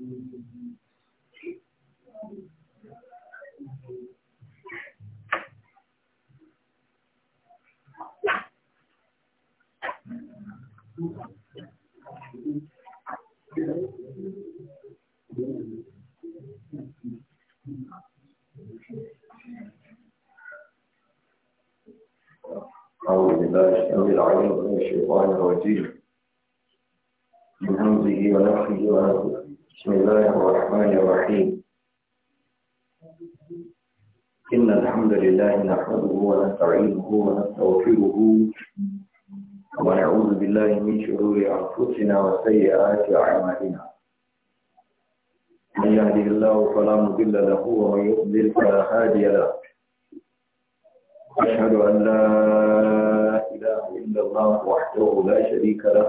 أعوذ بالله السميع العليم من الشيطان الرجيم من همزه ونفخه ونفخه بسم الله الرحمن الرحيم إن الحمد لله نحمده ونستعينه ونستغفره ونعوذ بالله من شرور أنفسنا وسيئات أعمالنا من يهده الله فلا مضل له ومن يضلل فلا هادي له أشهد أن لا إله إلا الله وحده لا شريك له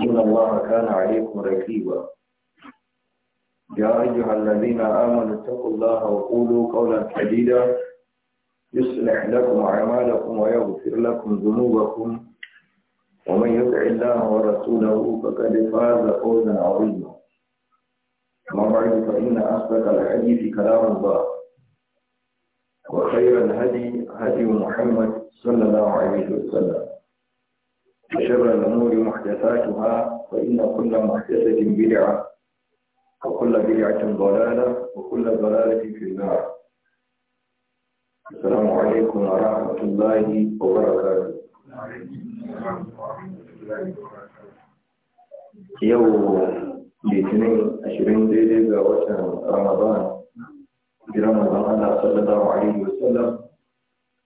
إن الله كان عليكم ركيبا يا أيها الذين آمنوا اتقوا الله وقولوا قولا سديدا يصلح لكم أعمالكم ويغفر لكم ذنوبكم ومن يطع الله ورسوله فقد فاز فوزا عظيما أما بعد فإن أصدق الحديث كلام الله وخير الهدي هدي محمد صلى الله عليه وسلم وشر الأمور محدثاتها فإن كل محدثة بدعة وكل بدعة ضلالة وكل ضلالة في النار السلام عليكم ورحمة الله وبركاته yau litinin ashirin daidai ga watan ramadan jiran mazan ana sallallahu alaihi wasallam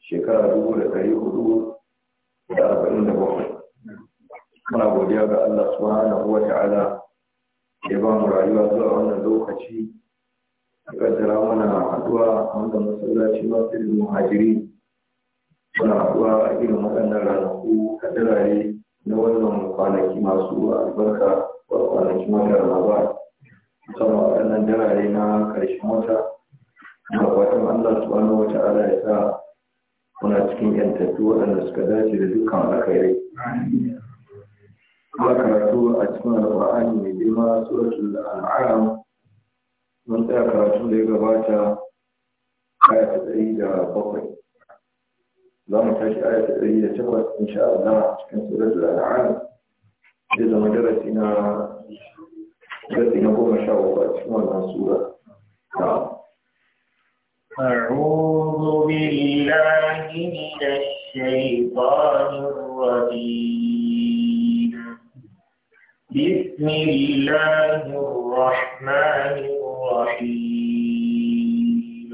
shekara dubu da ɗari hudu da arba'in da bakwai muna godiya ga Allah subhanahu wa ta'ala ya ba mu rayuwa zuwa wannan lokaci kaddara mana haduwa a wannan masu ilimin muhajiri muna haduwa a irin waɗannan ranaku kadarare na wannan kwanaki masu albarka wa kwanaki mata ramadan musamman waɗannan darare na ƙarshen wata na kwatan Allah subhanahu wa ta'ala ya sa muna cikin yantattu waɗanda suka dace da dukkan alkhairai kuma karatu a cikin alƙur'ani mai girma suratul an'am mun tsaya karatu da ya gabata aya ta ɗari da bakwai za mu tashi aya ta ɗari da takwas insha Allah cikin suratul an'am zai zama darasi na darasi na goma sha uku a cikin wannan sura أعوذ بالله من الشيطان الرجيم بسم الله الرحمن الرحيم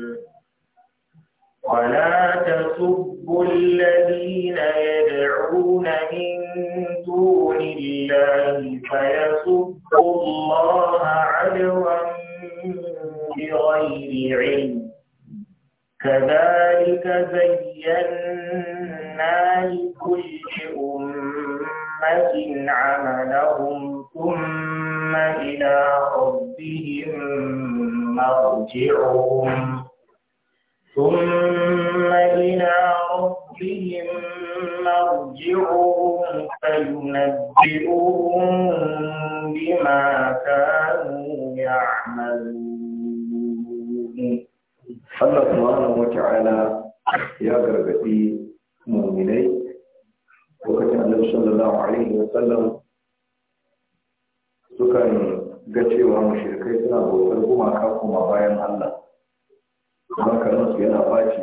ولا تسبوا الذين يدعون من دون الله فيسبوا الله عدوا بغير علم كذلك زينا لكل أمة حسن عملهم ثم إلى ربهم مرجعهم ثم إلى ربهم مرجعهم فينبئهم بما كانوا يعملون Allah subhanahu wa ta'ala ya gargaɗi muminai lokacin annabi sallallahu alaihi wa sallam sukan ga cewa mushrikai suna bautar gumaka kuma bayan Allah hankalin su yana baci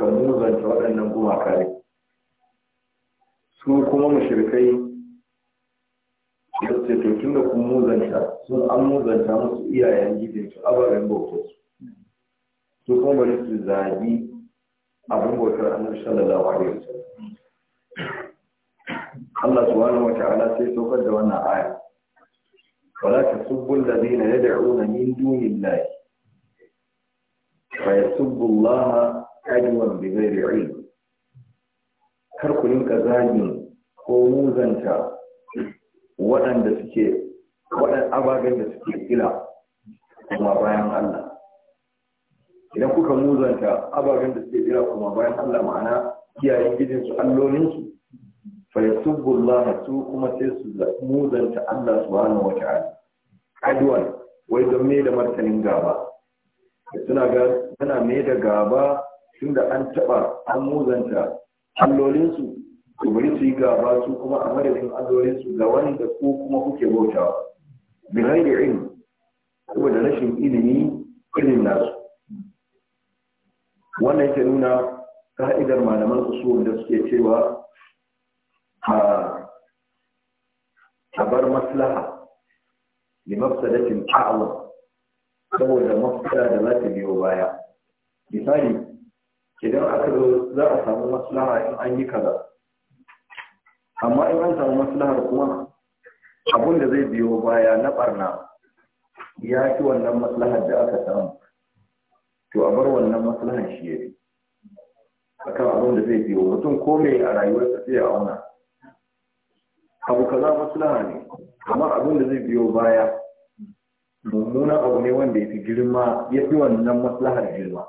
nuna zance waɗannan gumaka ne su kuma mushrikai yadda to tun da kun muzanta sun an muzanta musu iyayen gidansu ababen bautar su Su kuma bari su zaɓi abin bautar annabi sallallahu alaihi wasallam Allah subhanahu wa ta'ala sai saukar da wannan aya wala tasubbu alladhina yad'una min dunillahi fa yasubbu Allah adwan bighairi ilm kar ku rinka zagin ko muzanta waɗanda suke waɗan ababen da suke kila kuma bayan Allah idan kuka muzanta ababen da suke kila kuma bayan Allah ma'ana kiyayen gidansu allolinsu sai su muzanta Allah subhanahu wa ta'ala سبحانه wai don me da martanin gaba suna ga suna me da gaba tunda an taba an muzanta allolinsu su bari su yi gaba su kuma a madadin allolinsu ga wanda ko kuma kuke bautawa bi ghairi ilmi saboda rashin ilimi irin nasu wannan ke nuna ka'idar malaman usul da suke cewa a bar maslaha da mafsadatin ta'awa saboda mafsada da za ta biyo baya misali idan aka zo za a samu maslaha in an yi kaza amma in an samu maslahar kuma abin da zai biyo baya na barna ya fi wannan maslahar da aka samu to a bar wannan maslahar shi ya fi akan abin da zai biyo mutum ko mai a rayuwarsa sai ya auna abu kaza maslaha ne amma abin da zai biyo baya mummunan abu ne wanda ya fi girma ya fi wannan maslahar girma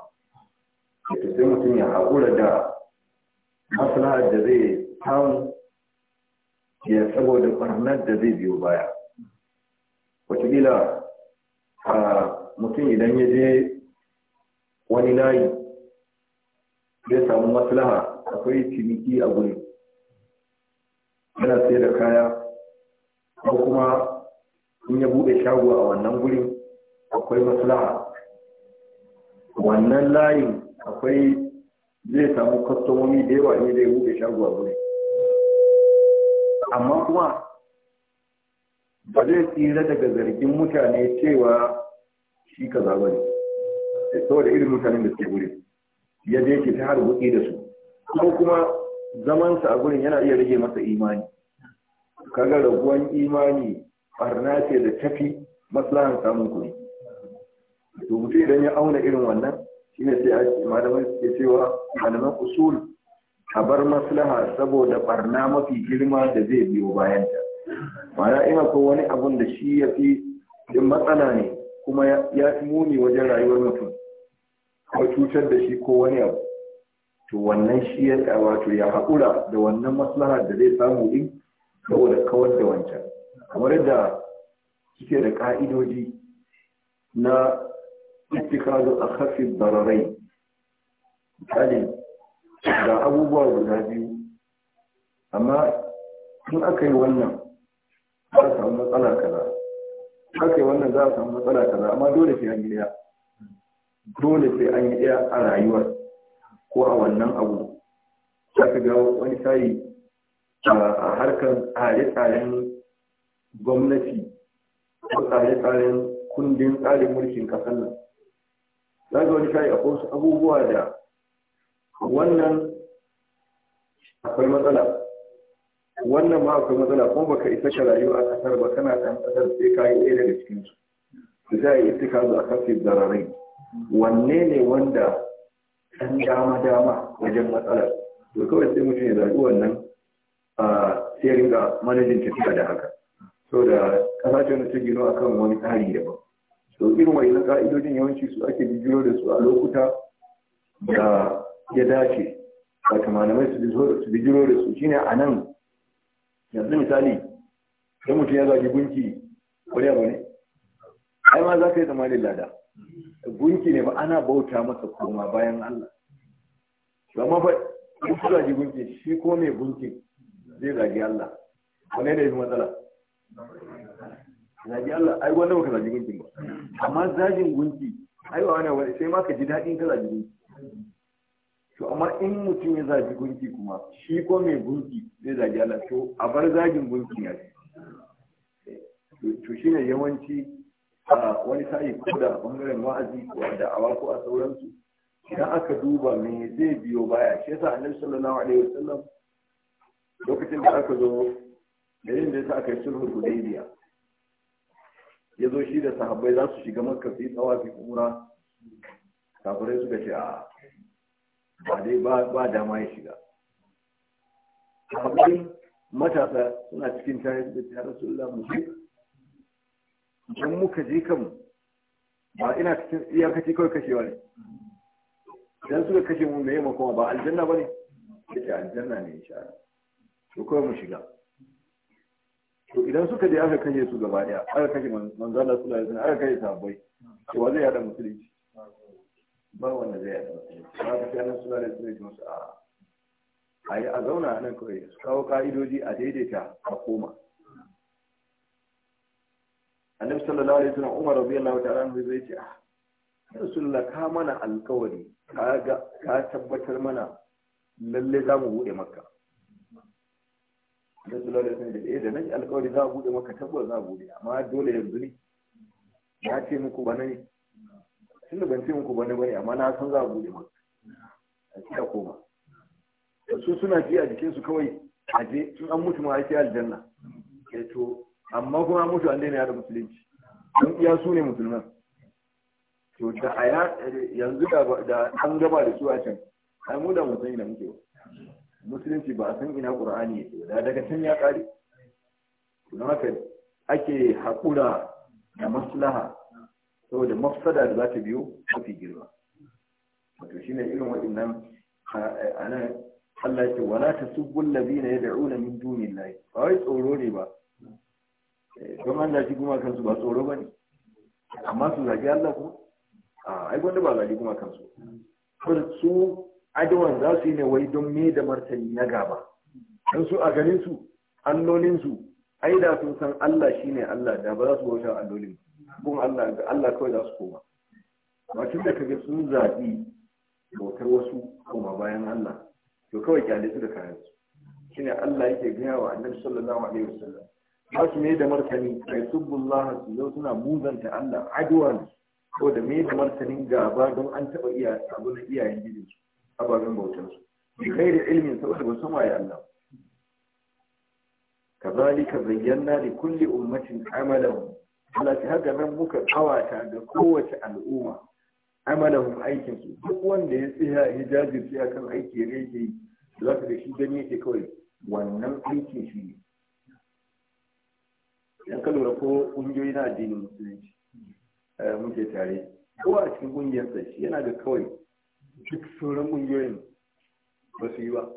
ya sai mutum ya haƙura da maslahar da zai samu ya saboda ɓarnar da zai biyo baya wataƙila a mutum idan ya je wani layi ya samu maslaha akwai ciniki a guri yana sai da kaya ko kuma in ya buɗe shago a wannan gurin akwai maslaha wannan layin akwai zai samu kwastomomi da yawa ne da ya buɗe shago a gurin amma kuma ba zai tsira daga zargin mutane cewa shi ka zaba ne saboda irin mutanen da suke wuri ya je ta harbuki da su ko kuma zamansa a gurin yana iya rage masa imani kaga raguwan imani barna ce da tafi maslahan samun kuɗi to mutum idan ya auna irin wannan shine sai ake malamai suke cewa malaman usul a bar maslaha saboda barna mafi girma da zai biyo bayanta ma'ana ina ko wani abun da shi ya fi matsala ne kuma ya muni wajen rayuwar mutum ko cutar da shi ko wani abu to wannan shi ya wato ya haƙura da wannan maslaha da zai samu din saboda kawar da wancan kamar yadda suke da ƙa'idoji na ittikazin a hafi bararai misali ga abubuwa guda biyu amma in aka yi wannan za a samu matsala kaza aka yi wannan za a samu matsala kaza amma dole sai an yi ɗaya dole sai an yi ɗaya a rayuwar ko a wannan abu za ka ga wani sayi a harkar tsare-tsaren gwamnati ko tsare-tsaren kundin tsarin mulkin kasar nan za ga wani sayi akwai wasu abubuwa da wannan akwai matsala wannan ma akwai matsala kuma baka isa ka rayu a kasar ba kana kan kasar sai ka yi ɗaya daga cikinsu su za a yi ittika a kafin zararai wanne ne wanda ɗan dama-dama wajen matsalar to kawai sai mutum ya zaɓi wannan sai ringa manajin tafiya da haka so da kasashen da ta gino a kan wani tsari daban so irin wani ka'idojin yawanci su ake bijiro da su a lokuta da ya dace ba ta malamai su bijiro da su shine a nan yanzu misali idan mutum ya zagi gunki wani abu ne ai ma za ka yi tsammanin lada gunki ne ba ana bauta masa koma bayan Allah zama ba in su zagi gunki shi ko mai gunki zai zagi Allah wane ne yi matsala zagi Allah ai wanda baka zagi gunki ba amma zagin gunki ai ba wani sai ma ka ji daɗin ka zagi gunki to amma in mutum ya zagi gunki kuma shi ko mai gunki zai zagi Allah to a bar zagin gunki ya ce to shine yawanci a wani sa'i ko da bangaren wa'azi ko da da'awa ko a sauransu idan aka duba me zai biyo baya shi yasa annabi sallallahu alaihi wasallam lokacin da aka zo garin da yasa aka yi sulhu hudaybiya ya zo shi da sahabbai za su shiga makka su yi tsawa su umra kafirai suka ce a ba dai ba dama ya shiga sahabbai matasa suna cikin tare da tare don muka je kanmu ba ina cikin iyakaci kawai kashewa ne idan suka kashe mu mai makoma ba aljanna ba ne yake aljanna ne insha Allah to kawai mu shiga to idan suka je aka kashe su gaba daya aka kashe manzana Allah sallallahu alaihi wasallam aka kashe sahabbai to wa zai yada musulunci ba wanda zai yada musulunci ba ka kana sallallahu alaihi wasallam musu a ayi a zauna nan kawai su kawo ka'idoji a daidaita a koma annabi sallallahu alaihi wasallam Umar radiyallahu ta'ala anhu zai ce ah rasulullah ka mana alkawari ka tabbatar mana lalle za mu bude maka rasulullah ya sanya da eh da nan alkawari za mu bude maka tabbatar za mu bude amma dole yanzu ne ya ce muku bana ne tunda ban ce muku bana bane amma na san za mu bude maka a kika koma su suna ji a jikinsu kawai a je sun an mutu ma ake aljanna eh, to amma kuma mutu an daina yada musulunci don iya su ne musulman to da a yanzu da an gaba da su a can ai mu da musulmi da muke musulunci ba a san ina qur'ani da daga can ya kare don haka ake haƙura da maslaha saboda mafsada da za ta biyo mafi girma wato shine irin waɗannan a nan Allah ce wala tasubbu allazina yad'una min dunillahi ba wai tsoro ne ba Eh, don Allah shi kuma kansu ba tsoro ba ne amma su zagi Allah ko a ah, ai wanda ba zagi kuma kansu ko su adawan za su yi ne wai don me da martani na gaba don su a ganin su allolin su ai da sun san Allah shine Allah da ba za su bauta allolin kun Allah ga Allah kawai za su koma ba tun da kage sun zabi bautar wasu koma bayan Allah to kawai kyale su da kayan su shine Allah yake gaya wa Annabi sallallahu alaihi wasallam ba su mai da martani a yi subbullah su suna muzanta Allah aduwa ne ko da mai da martanin gaba don an taɓa iya abu iyayen gidan su ababen bautan su bi kai da ilimin saboda ba san waye Allah ka zayyana li kulli ummatin amalan Allah ta haka nan muka kawata ga kowace al'umma amalahum aikin su duk wanda ya tsaya hijabi sai akan aiki ne yake za ka da shi gani yake kawai wannan aikin shi ne in ka lura ko ƙungiyoyi na addinin musulunci eh, muke tare ko a cikin ƙungiyarsa shi yana da kawai duk sauran ƙungiyoyin ba su yi ba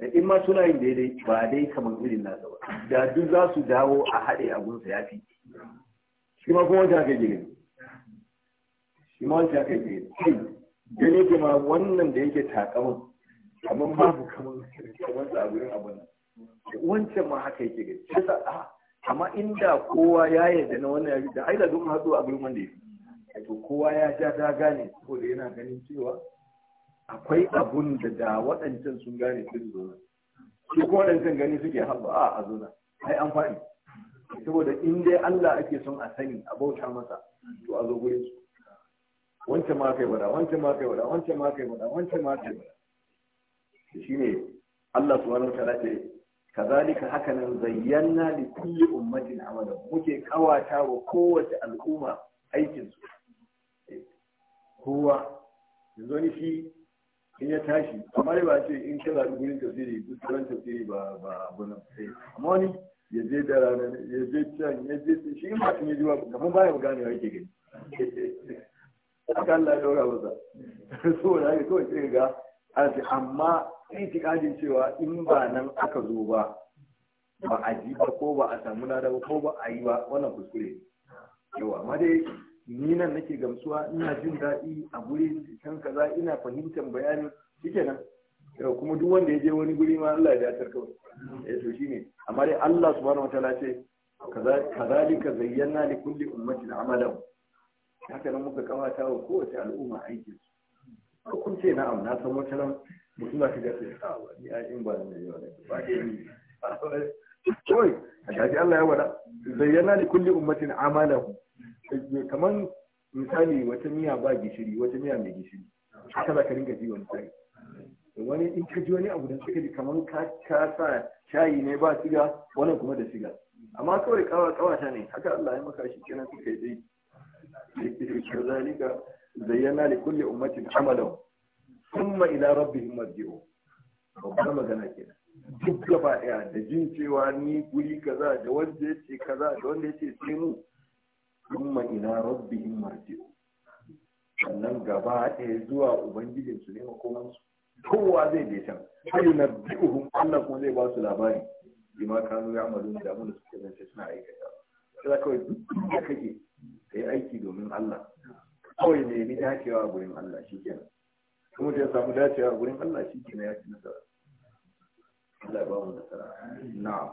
eh, in ma suna yin daidai ba dai kamar irin nasa ba da duk za su dawo a haɗe abunsa ya fi shi ma kuma wata kai gini shi ma wata kai gini kai gani ke ma wannan da yake takamun kamar babu kamar kamar sabuwar wancan ma haka yake gani shi sa amma inda kowa ya yarda na wannan yari da aida duk haɗu a gurin wanda ya to kowa ya ja ta gane saboda yana ganin cewa akwai abun da da waɗancan sun gane sun zo shi kuma waɗancan gani suke haɓa a a zona ai an faɗi saboda in dai Allah ake son a sani a bauta masa to a zo gurin su wancan ma kai bada, wancan ma kai bada, wancan ma kai bada, wancan ma kai shi shine Allah subhanahu wa ta'ala ya kazalika haka nan zayyana li kulli ummatin amalan muke kawata wa kowace al'umma aikin su kowa yanzu ni shi in ya tashi amma ba ce in ka zaɓi gurin tafsiri gurin tafsiri ba ba abu nan amma wani ya je da rana, ya je can ya je shi in ba ya ji ba kamar baya gane wa yake gani haka Allah ya daura masa saboda haka kawai sai ga a amma itikadin cewa in ba nan aka zo ba ba a ji ba ko ba a samu lada ba ko ba a yi ba wannan kuskure Yau amma dai ni nan nake gamsuwa ina jin daɗi a guri can kaza ina fahimtar bayani nan yau kuma duk wanda ya je wani guri ma Allah ya dace kawai eh to shine amma dai Allah subhanahu wataala ce kazalika zayyana li kulli ummatin amalan haka nan muka kawata wa kowace al'umma aikin ko kun ce na'am na san wata ran mutum ka ga sai a ah, wani ya in ba ne yau ne ba ke ni kawai a gaji Allah ya wada zayyana li kulli ummatin amalahu Kamar misali wata miya ba gishiri wata miya mai gishiri haka za ka ringa ji wani tsari wani in ka ji wani abu da suka ji kamar ka sa shayi ne ba siga wannan kuma da siga amma kawai kawa kawata ne haka Allah ya maka shi kenan suka yi dai kazalika zayyana li kulli ummatin amalahu thumma ila rabbihim marji'u babbar magana kenan duk gaba daya da jin cewa ni guri kaza da wanda ce kaza da wanda yace sai mu ila rabbihim marji'u sannan gaba ɗaya zuwa ubangijin su ne makoman su kowa zai je can sai na bi'uhum Allah kuma zai ba su labari bima kanu amalu da mun suke zance suna aikata sai kawai duk da kake kai aiki domin Allah kawai ne ni dacewa gurin Allah shi kenan kuma da ya samu dacewa gurin Allah shi ke na yaki nasara Allah ba mu nasara na'am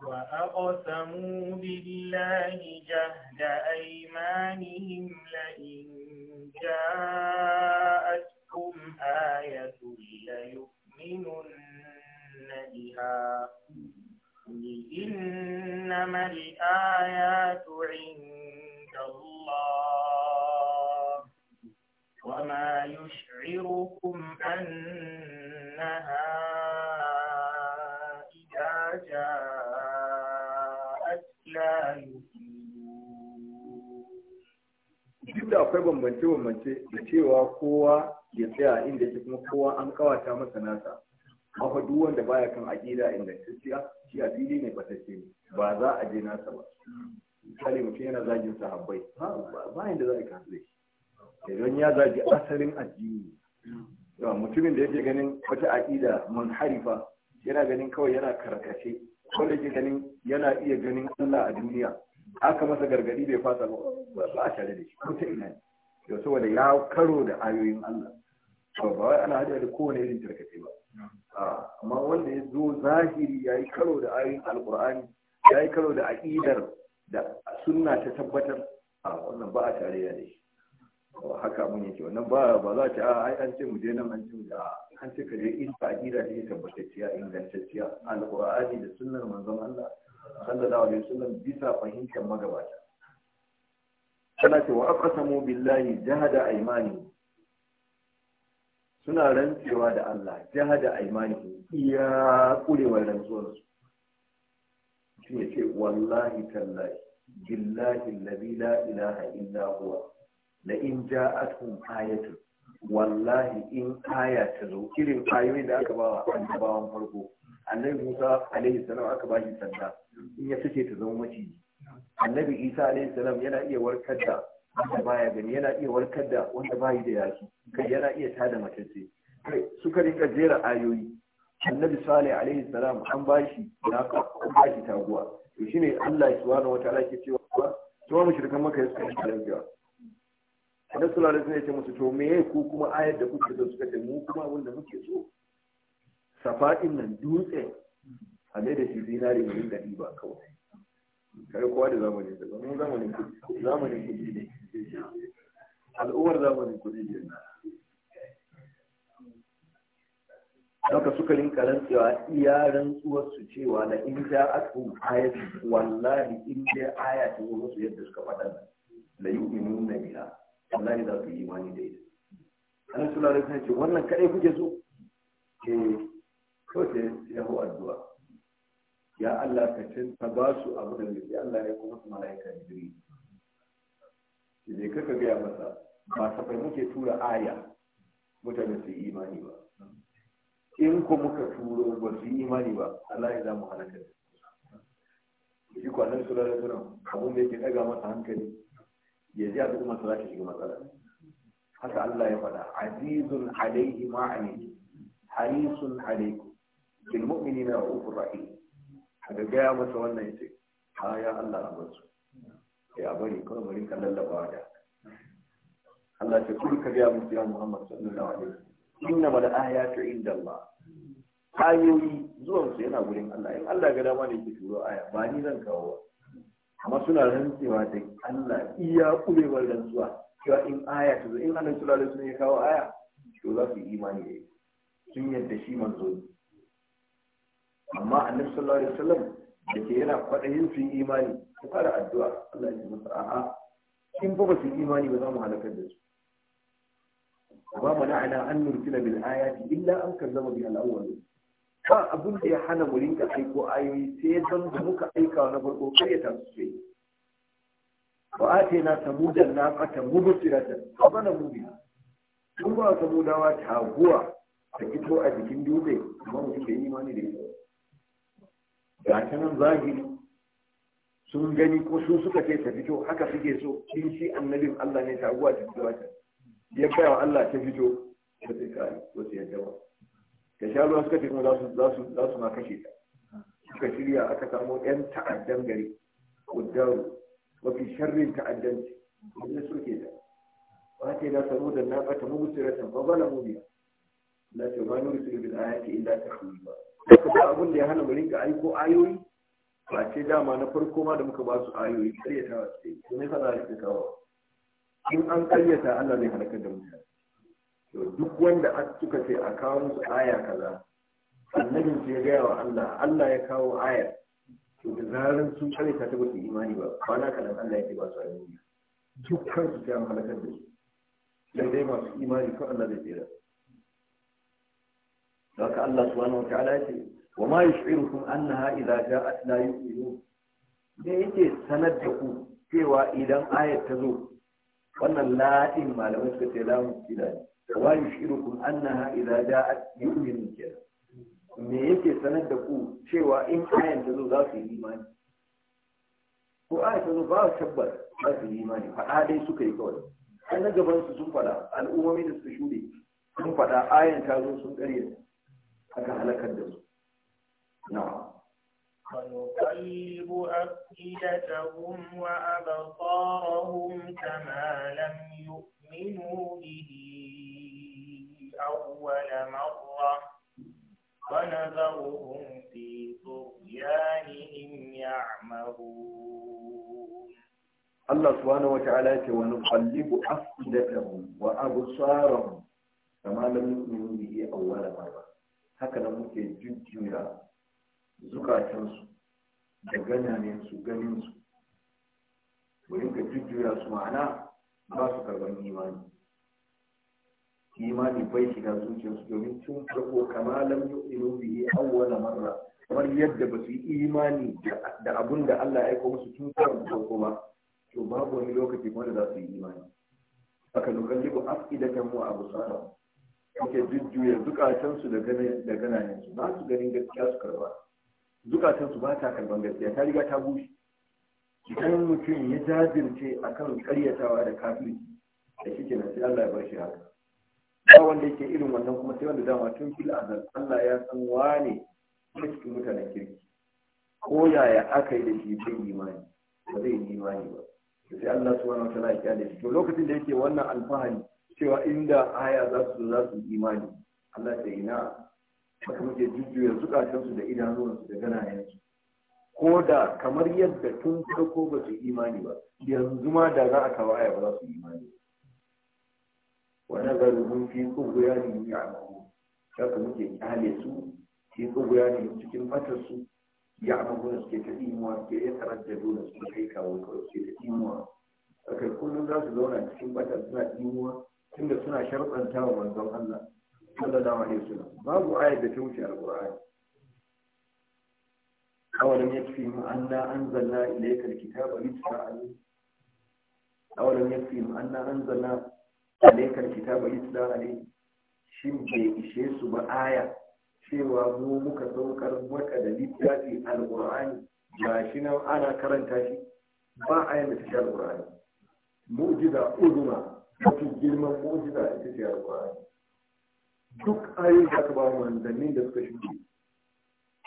وأقسموا بالله جهد أيمانهم لئن جاءتكم آية ليؤمنن بها قل إنما الآيات عند الله وما يشعركم أنها إذا جاءت لا يؤمنون duk da akwai bambance-bambance da cewa kowa ya tsaya inda ke kuma kowa an kawata masa nasa haka duk wanda baya kan aƙida inda gaskiya shi a fili ne fatacce ne ba za a je nasa ba misali mutum yana zagin sahabbai ba yanda za a yi kasu da shi idan ya zagi asalin addini yawa mutumin da yake ganin wata aƙida harifa yana ganin kawai yana karkace wanda yake ganin yana iya ganin Allah a duniya aka masa gargadi bai fasa ba ba a tare da shi ko ta ina ne da saboda ya karo da ayoyin Allah ba wai ana hada da kowane irin tarkace ba amma wanda ya zo zahiri ya yi karo da ayoyin alkur'ani ya yi karo da aƙidar da sunna ta tabbatar a wannan ba a tare da shi haka mun yake wannan ba ba za ta ah, ai an ce mu je nan an ce da an ce ka je inda aqida ce tabbatacciya ingantacciya alqur'ani da sunnar manzon Allah sallallahu alaihi wasallam bisa fahimtar magabata kana ce wa aqsamu billahi jahada aymani suna rantsewa da Allah jahada aymani iya kurewar rantsuwar su shi ne ce wallahi tallahi billahi allazi la ilaha illa huwa la in ja'atkum ayatun wallahi in aya ta zo irin ayoyin da aka bawa annabawan farko annabi Musa alaihi salam aka ba shi sanda in ya fice ta zama maciji annabi Isa alaihi salam yana iya warkar da wanda baya gani yana iya warkar da wanda bayi da yaki kai yana iya tada matacce kai suka rika jera ayoyi annabi Salih alaihi salam an ba shi naka an ba shi taguwa to shine Allah subhanahu wataala ke cewa to mushrikan maka suka yi lafiya annabi sallallahu alaihi wasallam ya ce musu to me ku kuma ayar da kuke so suka ce mu kuma abin da muke so safa'in nan dutse a mai da shi zinari mai da ba kawai kare kowa da zamanin da zamanin zamanin kudi zamanin kudi ne al'ummar zamanin kudi ne haka suka rinka rantsewa iya rantsuwar su cewa da in ja akum ayatu wallahi in dai aya ta zo musu yadda suka faɗa da la na biha wallahi za su yi imani da ita ana sula da ce wannan kaɗai kuke so eh to sai yahu addu'a ya Allah ka can ta ba su abu da ya Allah ya kuma su malaika jiri sai kaka gaya masa ba sabai muke tura aya mutane su yi imani ba in ko muka turo ba su yi imani ba Allah ya mu halaka shi kwanan sura suna sura abin da yake ɗaga masa hankali ya ji abin masu za ta shiga matsala haka Allah ya faɗa azizun alaihi ma'ani harisun alaiku bil mu'mini na ra'ufur rahim daga gaya masa wannan yace ha ya Allah a basu ya bari kuma bari ka lallaba da Allah ta kulka gaya musu ya Muhammad sallallahu alaihi wasallam inna mal ayatu inda Allah ayoyi zuwansu yana gurin Allah in Allah ga dama ne ke turo aya ba ni zan kawo ba amma suna rantsewa da Allah iya kurewar rantsuwa cewa in aya ta zo in Allah sallallahu da wasallam ya kawo aya to za su yi imani da ita sun yadda shi manzo amma annabi sallallahu alaihi wasallam da ke yana yin su yi imani su fara addu'a Allah ya masa a'a in ba su yi imani ba za mu halakar da su ba mu na'ana an nursila bil ayati illa an kazzaba bi al-awwalin ba abin da ya hana mu rinka aiko ayoyi sai don da muka aika na farko kai ta su sai na atina samudan naqata sirata a bana mubi kun ba wa taguwa ta fito a jikin dutse mu mutum yi imani da ita ga ta nan zahiri sun gani ko su suka ce ta fito haka suke so in shi annabin Allah ne taguwa ta fito ta ya kai wa Allah ta fito ta sai kai ko sai ya dawo da sha ruwa suka ce kuma za su ma kashe ta suka shirya aka samu yan ta'addan gari kuddaru mafi sharrin ta'addanci wanda suke da ba ta yi na samu da na ɓata mu musiratan ba ba na mu biya na ce ma nuri su bin ayati illa ta hanyar ba haka ba abin da ya hana mu rinka aiko ayoyi ba ce dama na farko ma da muka ba su ayoyi karyata wa su ne fa za a yi kawo in an karyata Allah zai halakar da mutane to duk wanda suka ce a kawo musu aya kaza annabin ce ya gaya wa Allah Allah ya kawo aya to da zarar sun kare ta tabbata imani ba kwana kadan Allah ya ce ba su ayyuka dukkan su ta halakar da su dan dai masu imani ko Allah zai tsira haka Allah subhanahu wataala ya ce wa ma yush'irukum annaha idza ja'at la yu'minun da yake sanar da ku cewa idan ayat ta zo wannan la'in malamai suka ce lamu kila ne ويشيركم أنها إذا جاءت يؤمن كذا me yake sanar da ku cewa in ayan ta zo za su yi imani ko ayan ta zo ba su tabbar za su yi imani faɗa dai suka yi kawai an na gaban su sun faɗa al'ummomi da su shuɗe sun faɗa ayan ta zo sun ƙarya aka halakar da su na ونقلب أفئدتهم وأبصارهم كما لم يؤمنوا به أول مرة ونذرهم في طغيانهم يعمهون الله سبحانه وتعالى ونقلب أفئدتهم وأبصارهم كما لم يؤمنوا به أول مرة هكذا ممكن جديا زكاة da جغنى ganinsu wurin ka jujjuya su سمعنا ما سكر بني imani imani bai shiga zuciyarsu domin tun farko kama lam yu'minu bihi awwala marra kamar yadda ba su yi imani da abun da Allah ya aiko musu tun farko ba to babu wani lokaci da za su yi imani aka nukallibu kan mu abu sara ke jujjuya zukatansu da su ba su ganin gaskiya su karba zukatansu ba ta karban gaskiya ta riga ta bushe idan mutum ya jajirce akan karyatawa da kafiri da shi ke sai Allah ya bar shi haka ba wanda yake irin wannan kuma sai wanda dama tun fil azal Allah ya san wane ne cikin mutanen kirki ko yaya aka yi da shi bai imani ba zai yi imani ba sai Allah subhanahu wa ta'ala ya kyale shi to lokacin da yake wannan alfahari cewa inda aya za su za su imani Allah ta ina haka muke jujjuya zukatansu da su da ganayensu ko da kamar yadda tun farko ba su imani ba yanzu ma da za a kawo aya ba za su imani ba wa nazaruhum fi qubuyanihim ya'mahu haka muke kyale su fi qubuyanihim cikin matarsu ya'mahu suke ta imuwa suke ya taraddado da su kai kawo kawai suke ta imuwa haka kullum za su zauna cikin matar suna imuwa tunda suna sharɗanta wa manzon Allah sallallahu alaihi wasallam babu ayat da ta wuce alqur'ani أولم يكفهم أنا أنزلنا إليك الكتاب لتشفع أولم يكفهم أنا أنزلنا alaikar kitabu isla alai shin bai ishe su ba aya cewa mu muka saukar maka da littafi al'urani. ba shi nan ana karanta shi ba a ayan da take alqur'ani mu'jiza uzuma mafi girman mu'jiza ita ce al'urani. duk ayoyin da aka ba manzannin da suka shuɗe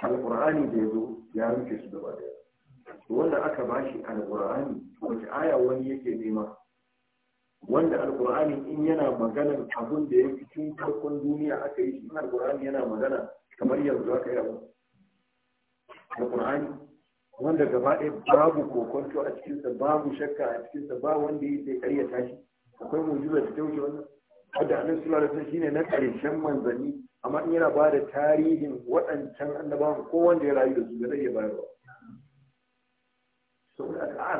Al'urani da ya zo ya rufe su gaba daya wanda aka ba bashi alqur'ani wace aya wani yake nema wanda alkur'ani in yana maganar abun da ya fi tun farkon duniya aka yi shi alkur'ani yana magana kamar yanzu aka yi abu alkur'ani wanda gaba ɗaya babu kokonto a cikinsa babu shakka a cikinsa ba wanda ya sai ƙarya tashi akwai mujiza da ta wuce wannan wadda annabi sallallahu alaihi wasallam shine na karshen manzanni amma in yana ba da tarihin waɗancan annabawan ko wanda ya rayu da su da zai iya bayarwa saboda aka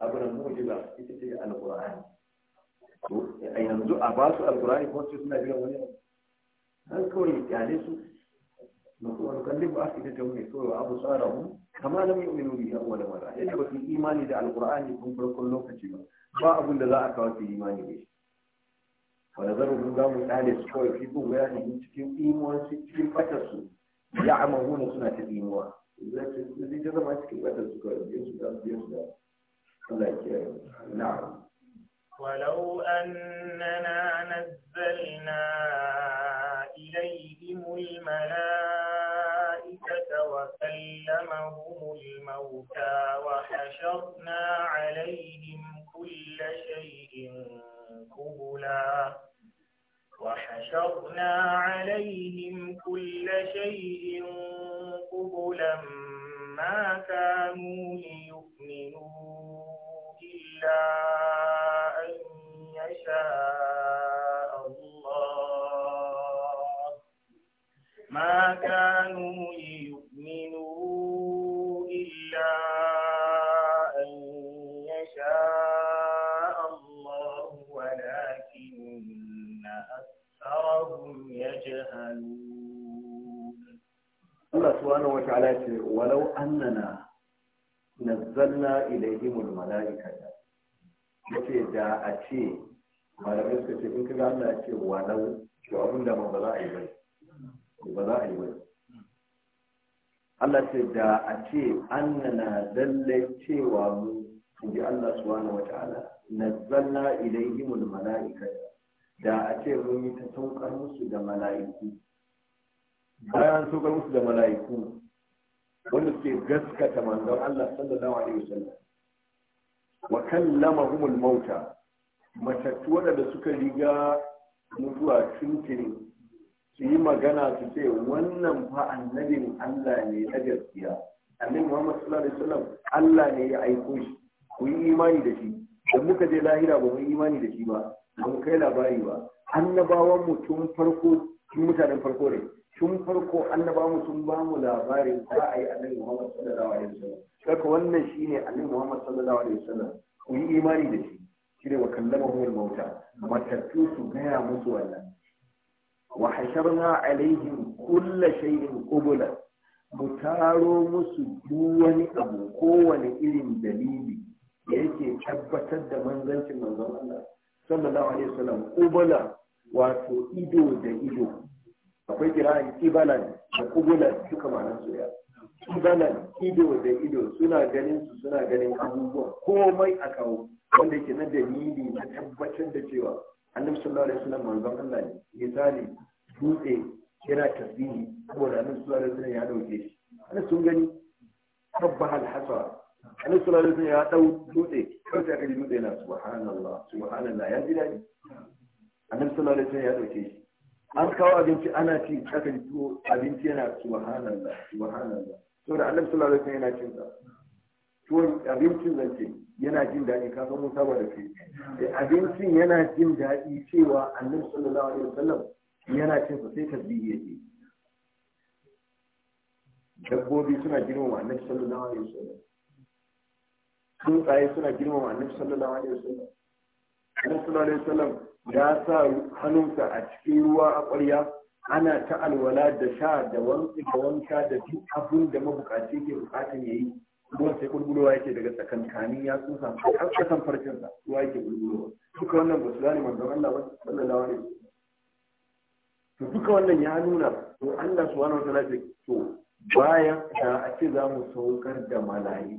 abu na mujiza ita ce alkur'ani a yanzu a ba su alkurani ko su suna biyan wani har kawai kyale su wani kallin ba su ita ta wani kawai abu tsara mu kama lam yu'minu bi awwal mara yadda ba su imani da alkurani kun farkon lokaci ba ba abin da za a kawo su imani ne shi wanda zan rubu za mu su kawai fi kun ne cikin imuwan cikin fatar su ya amahuna suna ta imuwa ce malamai suka ce in kaga Allah ya ce nan to abin da ba za a yi bai ba za a yi ba Allah ce da a ce annana lalle cewa mu inji Allah subhanahu wata'ala nazzalna ilayhimul mala'ikata da a ce mun yi ta saukar musu da mala'iku bayan saukar musu da mala'iku wanda suke gaskata manzon Allah sallallahu alaihi wasallam wa kallamahumul mauta matattu waɗanda suka riga mutuwa tuntuni su yi magana su ce wannan fa annabin Allah ne na gaskiya annabi Muhammad sallallahu alaihi wasallam Allah ne ya aiko shi ku yi imani da shi da muka je lahira ba mu imani da shi ba mu kai labari ba annabawan mu tun farko tun mutanen farko ne tun farko annabawan mu sun ba mu labarin za a yi annabi Muhammad sallallahu alaihi wasallam kaka wannan shine annabi Muhammad sallallahu alaihi wasallam ku yi imani da shi shi ne wa kallama huwal mauta matattu su gaya musu wannan wa hasharna alaihim kulla shay'in qubula mu taro musu duk wani abu kowane irin dalili da yake tabbatar da manzancin manzon Allah sallallahu alaihi wasallam qubula wato ido da ido akwai kira ibalan da qubula duka ma'anar soyayya ganan ido da ido suna ganin su suna ganin abubuwa komai a kawo wanda ke na dalili na tabbatar da cewa annabi sallallahu alaihi wasallam manzon Allah ne misali dutse yana tasbihi saboda annabi sallallahu alaihi wasallam ya dauke shi ana sun gani rabba al hasa annabi sallallahu alaihi wasallam ya dau dutse kawai sai aka ji dutse yana subhanallah subhanallah ya ji dadi annabi sallallahu alaihi wasallam ya dauke shi an kawo abinci ana ci aka ji abinci yana subhanallah subhanallah saboda annabi sallallahu alaihi wasallam yana cin sa tuwon abincin zance yana jin daɗi ka san musa ba da ke eh, abincin yana jin daɗi cewa annabi sallallahu alaihi wasallam yana cin sa sai tasbihi yake dabbobi suna girmama annabi sallallahu alaihi wasallam tsuntsaye suna girmama annabi sallallahu alaihi wasallam annabi sallallahu alaihi wasallam ya sa hannunsa a cikin ruwa a ƙwarya ana ta alwala da sha da wanki da wanka da duk abin da mabukaci ke bukatun yayi ruwan sai bulbulowa yake daga tsakankanin ya tsusa har kasan farcin sa ruwa yake bulbulowa duka wannan ba su gane manzon Allah ba sallallahu alaihi to duka wannan ya nuna to Allah subhanahu wataala ce to bayan da a ce za mu saukar da malayi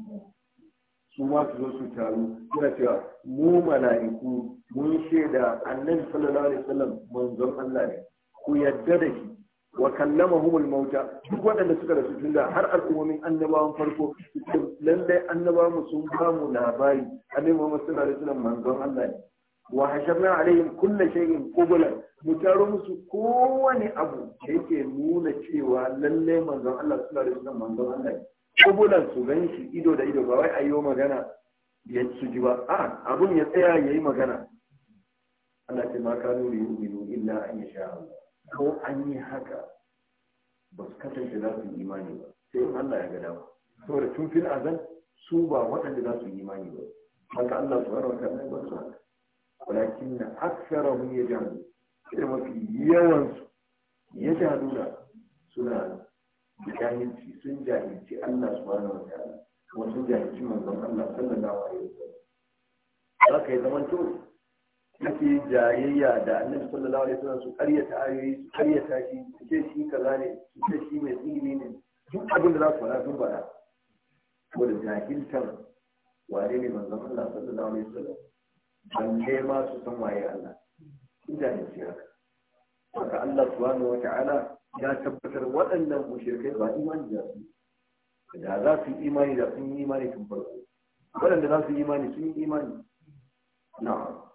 su ma su zo su taru suna cewa mu mala'iku mun shaida annabi sallallahu alaihi wasallam manzon Allah ne ku yadda da shi wa kallamahumul mauta duk waɗanda suka rasu tun da har al'ummomin annabawan farko lallai annabawan sun ba mu labari annabi Muhammad suna da wasallam manzon Allah ne wa hasharna alaihim kulla shay'in qubula mu taro musu kowane abu da yake nuna cewa lallai manzon Allah suna da wasallam manzon Allah ne qubulan su ganshi ido da ido ba wai ayyo magana ya su ji ba a abun ya tsaya ya yi magana Allah ta ma kanu yu'minu illa an yasha Allah ko an yi haka ba su kasance za su yi imani ba sai in Allah ya ga dama saboda tun fil azan su ba waɗanda za su yi imani ba haka Allah su subhanahu wataala ba su haka walakin na yi yajhalu sai mafi yawan su yajhaluna suna jahilci sun jahilci Allah su subhanahu wataala kuma sun jahilci manzon Allah sallallahu alaihi wasallam haka ya zama to suke jayayya da annabi sallallahu alaihi wasallam su karyata ayoyi su karyata shi su ce shi kaza ne su ce shi mai tsini ne duk abin da za su faɗa sun Ko da jahiltan wane ne manzon Allah sallallahu alaihi wasallam balle ma su san waye Allah da sun jahilci haka haka Allah subhanahu wata'ala ya tabbatar waɗannan mushrikai ba imani da su da za su yi imani da sun yi imani tun farko waɗanda za su yi imani sun yi imani na'am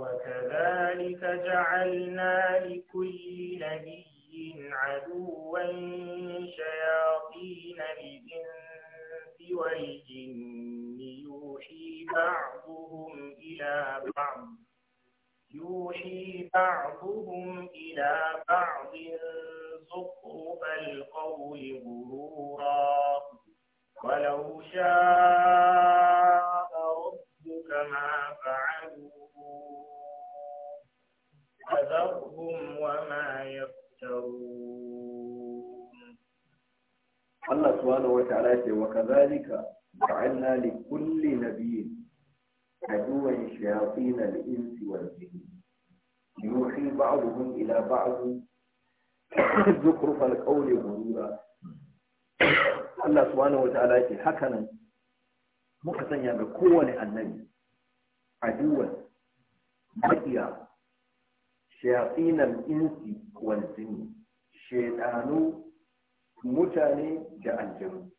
وكذلك جعلنا لكل نبي عدوا شياطين الإنس والجن يوحي بعضهم إلى بعض يوحي بعضهم إلى بعض زخرف القول غرورا ولو شاء Allah ce wa kazalika ja'alna li kulli nabiyyin aduwan shayatin al-insi wal jinn yuhi ba'dhum ila ba'd zukhruf al-qawli ghurura Allah subhanahu wata'ala ce haka nan muka sanya ga kowane annabi aduwan maƙiya shayatin al-insi wal jinn shaytanu mutane da aljanu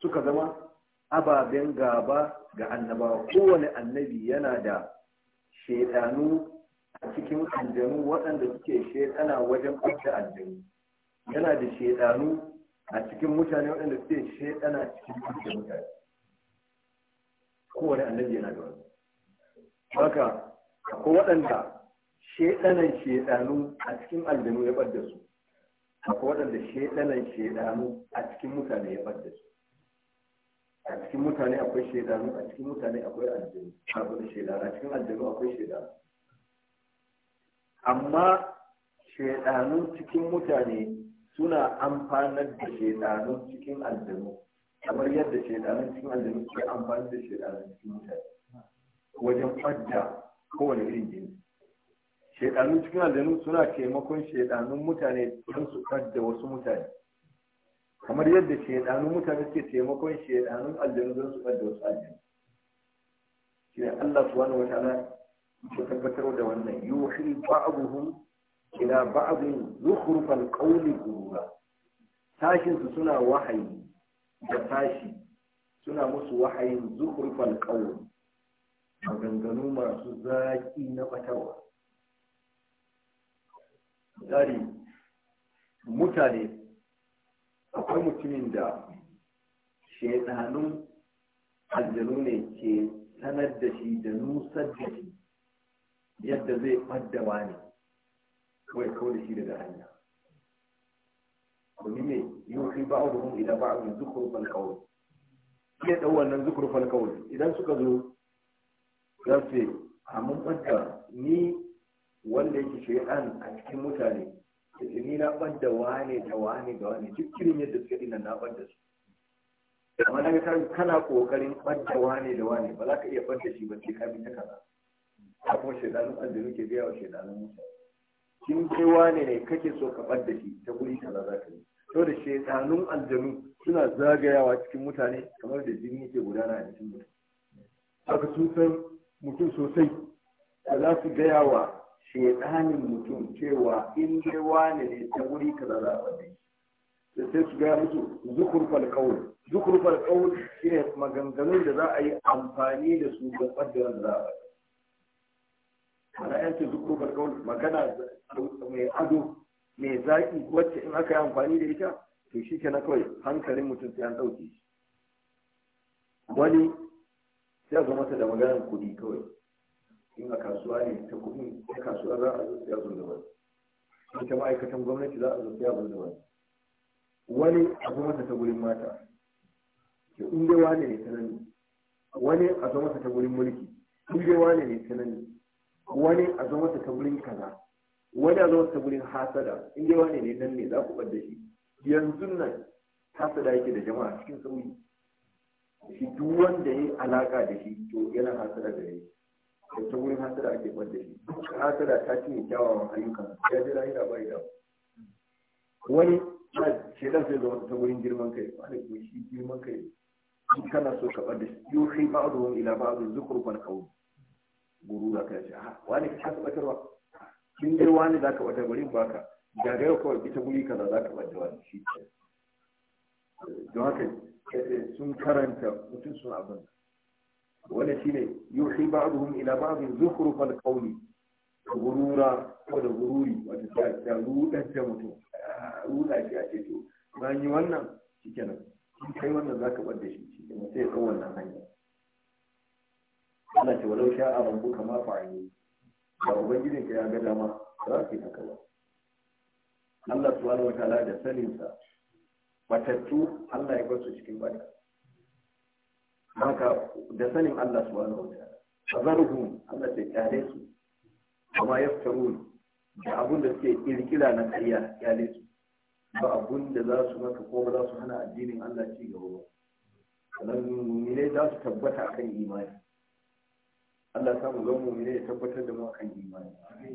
suka zama ababen gaba ga annabawa kowane annabi yana da shaidanu a cikin aljanu waɗanda suke shaidana wajen ɓata aljanu yana da shaidanu a cikin mutane waɗanda suke shaidana cikin ɓata mutane kowane annabi yana da wani haka akwai waɗanda shaidanan shaidanu a cikin aljanu ya ɓadda su akwai waɗanda shaidanan shaidanu a cikin mutane ya ɓadda su a cikin mutane akwai shaidanu a cikin mutane akwai aljanu abu da shaidanu a cikin aljanu akwai shaidanu amma shaidanun cikin mutane suna amfanar da shaidanun cikin aljanu kamar yadda shaidanun cikin aljanu suke amfani da shaidanun cikin mutane wajen fadda kowane irin jini shaidanun cikin aljanu suna taimakon shaidanun mutane don su fadda wasu mutane kamar yadda shedanun mutane suke taimakon shedanun aljanu don su ɓadda wasu aljanu shi ne Allah subhanahu wa ta'ala ya tabbatar da wannan yuhi ba'dhum ila ba'dhin zukhrufal qawli ghurura tashin su suna wahayi da tashi suna musu wahayin zukhrufal qawli maganganu masu zaki na batarwa misali mutane akwai mutumin da shaidanun aljanu ne ke sanar da shi da nusar da shi yadda zai ɓaddawa ne kawai kawai da shi daga hanya domin ne yau kai ba abu hun idan ba abu zukuru falkawar iya ɗau wannan zukuru falkawar idan suka zo za su yi amma ni wanda yake shaidan a cikin mutane yace eh, ni na banda wane da wane da wane duk irin yadda suka dina na banda su amma na ga kana kokarin banda wane da wane ba za ka iya banda shi ba sai ka bi ta kaza ta kuma shaidanun aljanu ke biya wa shaidanun musa kin kai wane ne kake so ka banda shi ta guri kaza za ka yi to da shaidanun aljanu suna zagayawa cikin mutane kamar da jini ke gudana a cikin mutum haka sun san mutum sosai ba za su gaya wa shedanin mutum cewa in dai wane ne ta wuri kaza za a da sai su gaya musu zukurfal zukur zukurfal shi shine maganganun da za a yi amfani da su ga tsaddaran za a ana yanci zukurfal kawul magana mai ado mai zaƙi wacce in aka yi amfani da ita to shi ke na kawai hankalin mutum sai an ɗauke shi wani sai a zama masa da maganar kuɗi kawai in a kasuwa ne ta kudi ta kasuwa za a zo siya daban in ta ma'aikatan gwamnati za a zo siya daban wani a zo masa ta gurin mata ke in dai wane ne nani wani a zo masa ta gurin mulki in dai wane ne nani wani a zo masa ta gurin kaza wani a zo masa ta gurin hasada in dai wane ne nan ne za ku ɓadda shi yanzu nan hasada yake da jama'a cikin sauyi shi duk wanda ya yi alaƙa da shi to yana hasada da shi da ta wurin hasada ake bar shi hasada ta cinye kyawawan ayyukan ya ji lahira ba da wani shaidan sai zama ta wurin girman kai wani ko shi girman kai in kana so ka bar shi yau kai ba'a zuwan ila ba'a zuwan zukur ban kawo guru da ka ce a wani ka kasa batarwa kin dai wani za ka batar bari baka da ga yau kawai ita guri kaza za ka batar wani shi don haka eh, sun karanta mutum sun abin wannan shine yuhi ba'dhum ila ba'd zukhruf fal, qawl gurura ko da gururi wata ta rudan ta mutum ruda shi a ce to bayan yi wannan kenan shi kai wannan za ka ɓadda shi shikenan sai ka wannan hanya ana ce walau sha'a rabbuka ma fa'ali da ka ya ga dama za su yi haka ba Allah subhanahu wa ta'ala da saninsa matattu Allah ya bar su cikin bada haka da sanin Allah subhanahu wani A fazaruhum Allah ta kare su kuma yaftarun da abun da suke kirkira na kariya kyale su ba abun da za su maka ko ba za su hana addinin Allah ci gaba ba sannan mu'minai za su tabbata akan imani Allah samu zan zama mu'minai ya tabbatar da mu akan imani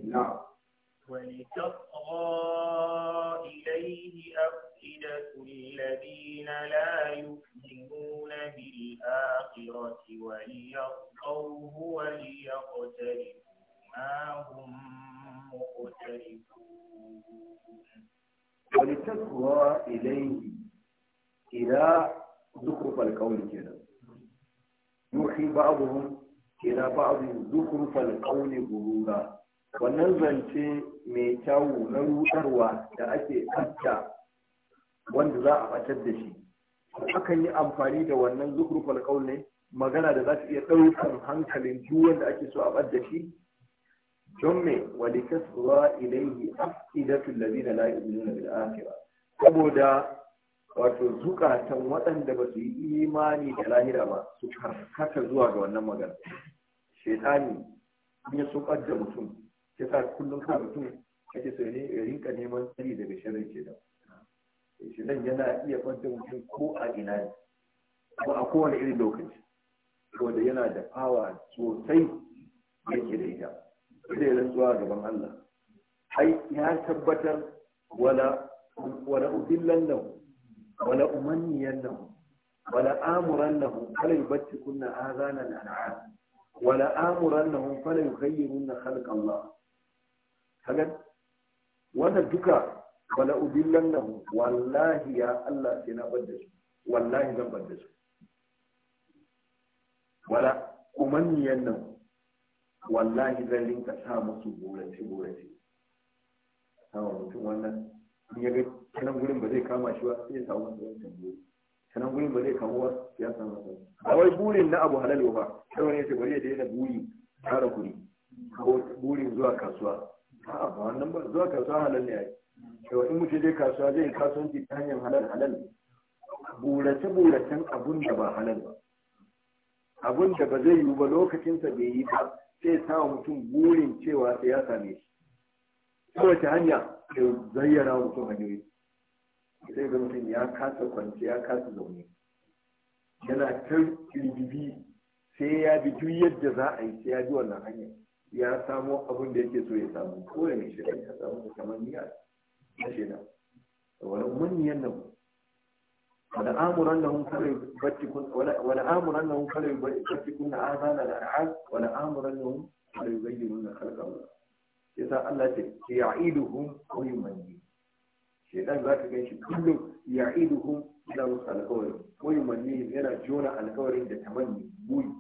na'am ولتطغى إليه أفضل أفئدة الذين لا يؤمنون بالآخرة وليرضوه وليقترفوا ما هم مقترفون ولتقوى إليه إلى زخرف القول كذا يوحي بعضهم إلى بعض زخرف القول غرورا wannan zance mai kyawu na rutarwa da ake tsabta wanda za a batar da shi akan yi amfani da wannan zuhrufal ne magana da za ta iya ɗaukar hankalin duk wanda ake so a batar da shi don me wali da ilayhi afidatu alladhina la yu'minuna bil akhirah saboda wato zukatan waɗanda ba su yi imani da lahira ba su karkata zuwa ga wannan magana shaitani ya sokar da mutum ya sa kullum ka mutum ake so ne ya rinka neman tsari daga shirin ke shirin yana iya kwanta mutum ko a ina ne ko a kowane irin lokaci saboda yana da fawa sosai yake da ita gaban Allah ai ya tabbatar wala wala udillan lahu wala umanniyan lahu wala amuran lahu kala yubatti kunna azanan an'am wala amuran Allah kaga wannan duka wala udillan nan wallahi ya Allah sai na bar da su wallahi zan bar da su wala umanniyan nan wallahi zan rinka sa musu burace-burace. sama mutum wannan in ya ga sanan gurin ba zai kama shi ba sai ya samu masa wancan buri sanan gurin ba zai kama ba ya samu masa A wai burin na abu halal ba sai wani ya ce bari ya daina buri tara kuɗi ko burin zuwa kasuwa a'a ba wannan ba zuwa kasuwa halal ne ai to in mutum zai kasuwa zai kasuwanci ta hanyar halal halal burace buracen abun da ba halal ba abun da ba zai yiwu ba lokacinsa bai yi ba sai sa wa mutum burin cewa sai ya same shi kowace hanya da zayyana wa mutum hanyoyi sai ga mutum ya kasa kwanci ya kasa zaune yana ta rigibi sai ya bi duk yadda za a yi sai ya bi wannan hanyar ya samo abun da yake so ya samu kowane mai shirin ya samu kamar niyar na shaidan wani nan wani amuran da hun kare bacci kun wani na azana da al'ad wani amuran da hun kare bayyana na kalkawa yasa Allah ce ya'iduhum wa yumanni shaidan za ka ganshi kullum hun ila musu alƙawarin wa yumanni yana jona alƙawarin da tamanni buri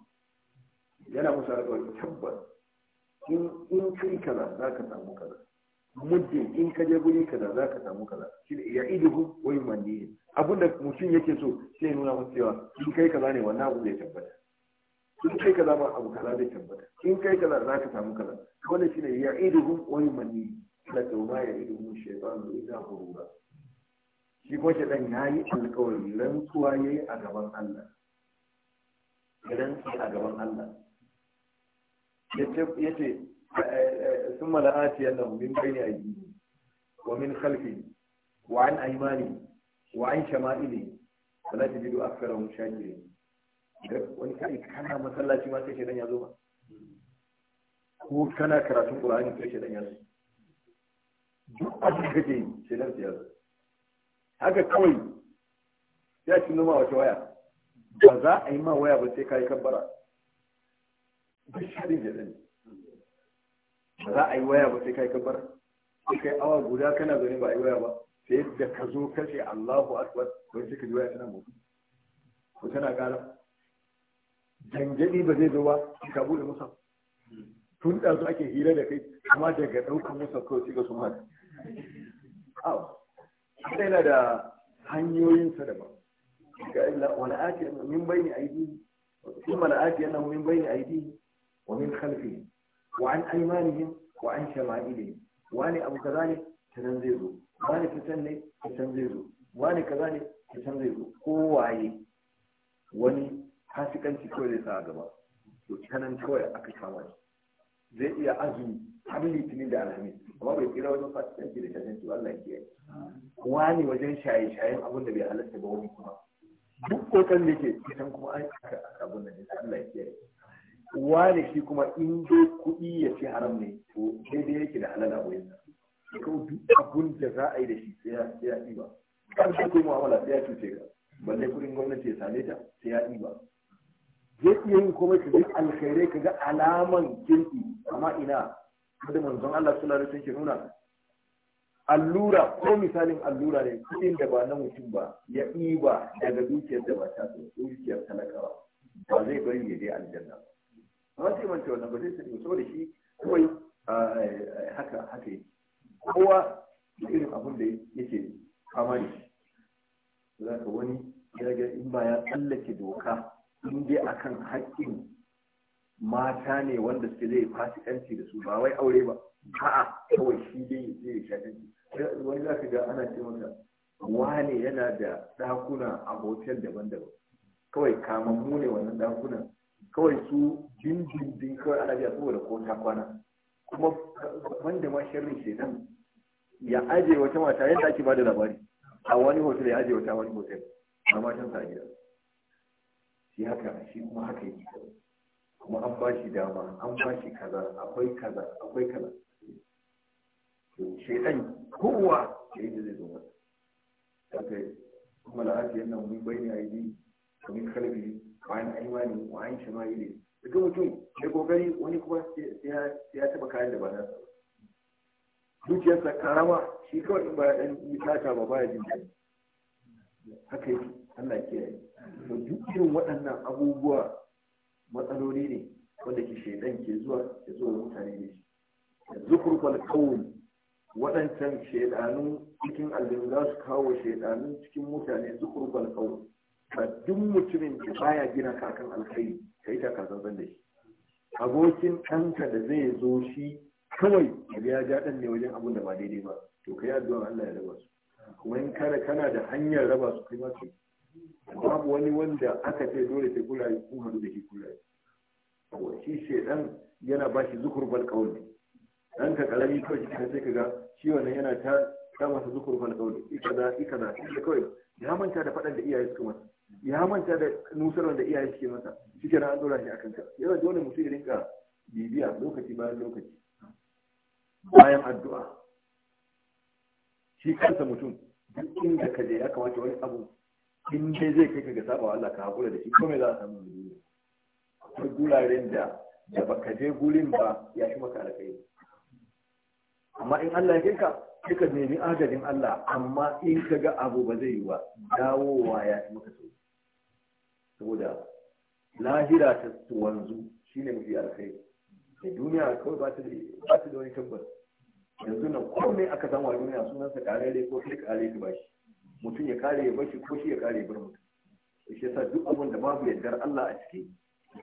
yana musu alƙawarin tabbas in kai kaza za ka samu kaza muddin in ka je guri kaza za ka samu kaza shi ne idihu wa wai manni da mutum yake so sai nuna masa cewa in kai kaza ne wannan abu zai tabbata in kai kaza ma abu kaza zai tabbata in kai kaza za ka samu kaza wannan shi ne ya idihu wai manni la tawma ya shaytan shaytanu illa ghurura shi ko shaytan yayi alƙawari rantsuwa yayi a gaban Allah rantsi a gaban Allah yace ثم لآتينهم من بين أيديهم ومن خلفهم وعن أيمانهم وعن شمائلهم فلا تجد أكثرهم شاكرين wani kai kana masallaci ma sai shedan ya zo ba ko kana karatun qur'ani sai shedan ya duk abin da kake shedan ya haka kawai ya ci noma wata waya ba za a yi ma waya ba sai kai kabbara Ba shari'a ne za a yi waya ba sai kai kabar sai kai awa guda kana zaune ba a yi waya ba sai da ka zo ka ce Allahu akbar wai sai ka ji waya tana mutu ko tana gara janjani ba zai zo ba ka bude musa tun da su ake hira da kai amma daga ɗaukar musa kawai sai ga sun ma awa sai na da hanyoyin ba ga wani ake min bayni aidi kuma la ake yana min bayni aidi wa min khalfihi wa an aimanihim an shama'ilihim wani abu kaza ne ta nan zai zo wani fitan ne ta zai zo wani kaza ta can zai zo kowaye wani fasikanci kawai a gaba to ta nan kawai aka kama shi iya azumi har litinin da alhamis amma bai tsira wajen fasikanci da shashanci Allah ya kiyaye wani wajen shaye-shayen abin da bai halatta ba wani kuma duk kokarin da ke kusan kuma an aka abin da Allah ya kiyaye wani shi kuma in dai kuɗi ya ce haram ne to daidai yake da halala wayan sa kawai duk abun da za a yi da shi sai ya ɗiba kan kai mu'amala sai ya cuce ka balle kuɗin gwamnati ya same ta sai ya ɗiba zai iya yin komai ka duk alkhairai ka ga alaman kirki amma ina kada manzon Allah sallallahu alaihi wasallam ke nuna allura ko misalin allura ne kuɗin da ba na mutum ba ya ɗiba daga dukiyar da ba ta dukiyar talakawa ba zai bari ya je aljanna ba amma sai manta wannan ba zai sani saboda shi kawai haka haka yi kowa da irin abin da yake fama da shi za ka wani ya ga in ba ya tsallake doka in dai akan haƙƙin mata ne wanda suke zai fasikanci da su ba wai aure ba a'a kawai shi dai zai shafi wani za ka ga ana ce masa wane yana da ɗakuna a hotel daban-daban kawai kamammu ne wannan ɗakunan kawai su dindindin kawai ana biya saboda ko ta kwana kuma wanda ma sharrin ke ya aje wata mata yadda ake bada labari a wani hotel ya aje wata wani hotel a matan sa gida shi haka shi kuma haka yake kuma an ba shi dama an ba shi kaza akwai kaza akwai kaza shaidan kowa ya yi da zai zo masa haka kuma la'afiyar nan mun bayyana aidi min kalbi wa an aimani wa an ga mutum ya gogari wani kuma sai ya taba kayan da ba na sa zuciyarsa karama shi kawai in ba ya ɗan yi tata ba ba ya jin daɗi haka yi Allah ke yi to duk irin waɗannan abubuwa matsaloli ne wanda ke shaidan ke zuwa ya zo da mutane ne da zukurfal kawun waɗancan shaidanun cikin aljihun za su kawo shaidanun cikin mutane zukurfal kawun ba duk mutumin da baya gina kakan alkhairi ka yi takasansan da shi abokin ɗanka da zai zo shi kawai da ya ja ɗan ne wajen abin da ba daidai ba to ka yi addu'a Allah ya raba su kuma in kana kana da hanyar raba su kai ma su babu wani wanda aka ce dole sai kula yi kuma da shi kula yi shi shaidan yana ba shi zukurbal kauli dan ka karami kawai shi sai ka ga shi wannan yana ta ta masa zukurbal kauli ikaza ikaza shi kawai ya manta da faɗan da iyaye suka masa ya manta da nusarar da iyaye suke masa shi ke an dora shi a ka yana dole mutum ya rinka bibiya lokaci bayan lokaci bayan addu'a shi kansa mutum duk inda ka je ya kamata wani abu in dai zai kai ka ga saba Allah ka hakura da shi ko me za a samu duniya akwai gularen da da ka je gulin ba ya fi maka alƙai amma in Allah ya kai ka kika nemi agajin Allah amma in ka ga abu ba zai yi ba dawowa ya fi maka sauki saboda lahira ta wanzu shine mafi alkhairi da duniya kawai ba ta da wani tabbas yanzu nan komai aka zama duniya sunansa dai ko kai kare ka bashi mutum ya kare ya bashi ko shi ya kare ya bar mutum shi yasa duk abin da babu yardar Allah a ciki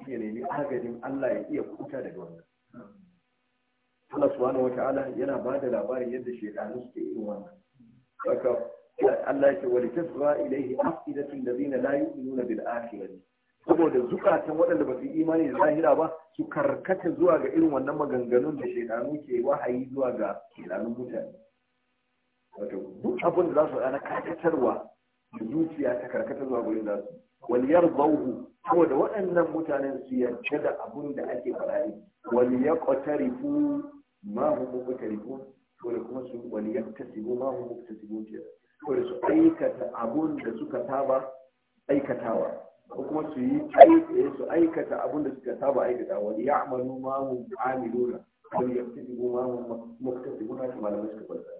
shi ne nemi agajin Allah ya iya kuta daga wannan Allah subhanahu ala yana ba da labarin yadda shekaru suke irin wannan haka Allah yake wani tasra ilaihi afidatun ladina la yu'minuna bil akhirati saboda zukatan waɗanda ba su imani da zahira ba su karkata zuwa ga irin wannan maganganun da shedanu ke wahayi zuwa ga shedanun mutane wato duk abin da za su ana karkatarwa da zuciya ta karkata zuwa gurin za su waliyar bauhu saboda waɗannan mutanen su yarda da abin da ake faɗaɗi waliyar ƙwatarifu ma hu muku saboda kuma su waliyar tasibu ma hu muku tasibu kenan kawai su aikata abun da suka saba aikatawa ko kuma su yi tsaye eh, su aikata abun da suka saba aikata wani ya amalu ma mu amiluna ko ya fi dubu ma mu maktasi muna su malamai suka farsa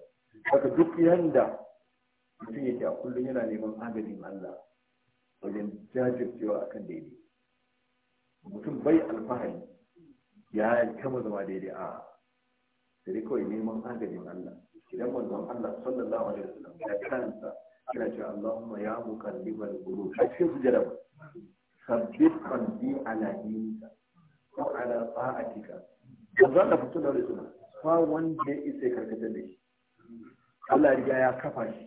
haka duk yanda mutum yake a kullum yana neman agajin Allah wajen jajircewa akan daidai mutum bai alfahari ya kama zama daidai a sai kawai neman agajin Allah idan manzon Allah sallallahu alaihi wasallam ya kansa yana cewa Allahumma ya muqallibal qulub a cikin sujada ba sabbit qalbi ala dinika ko ala ta'atika manzon Allah sallallahu alaihi wasallam fa wanda ya isa karkata da shi Allah riga ya kafa shi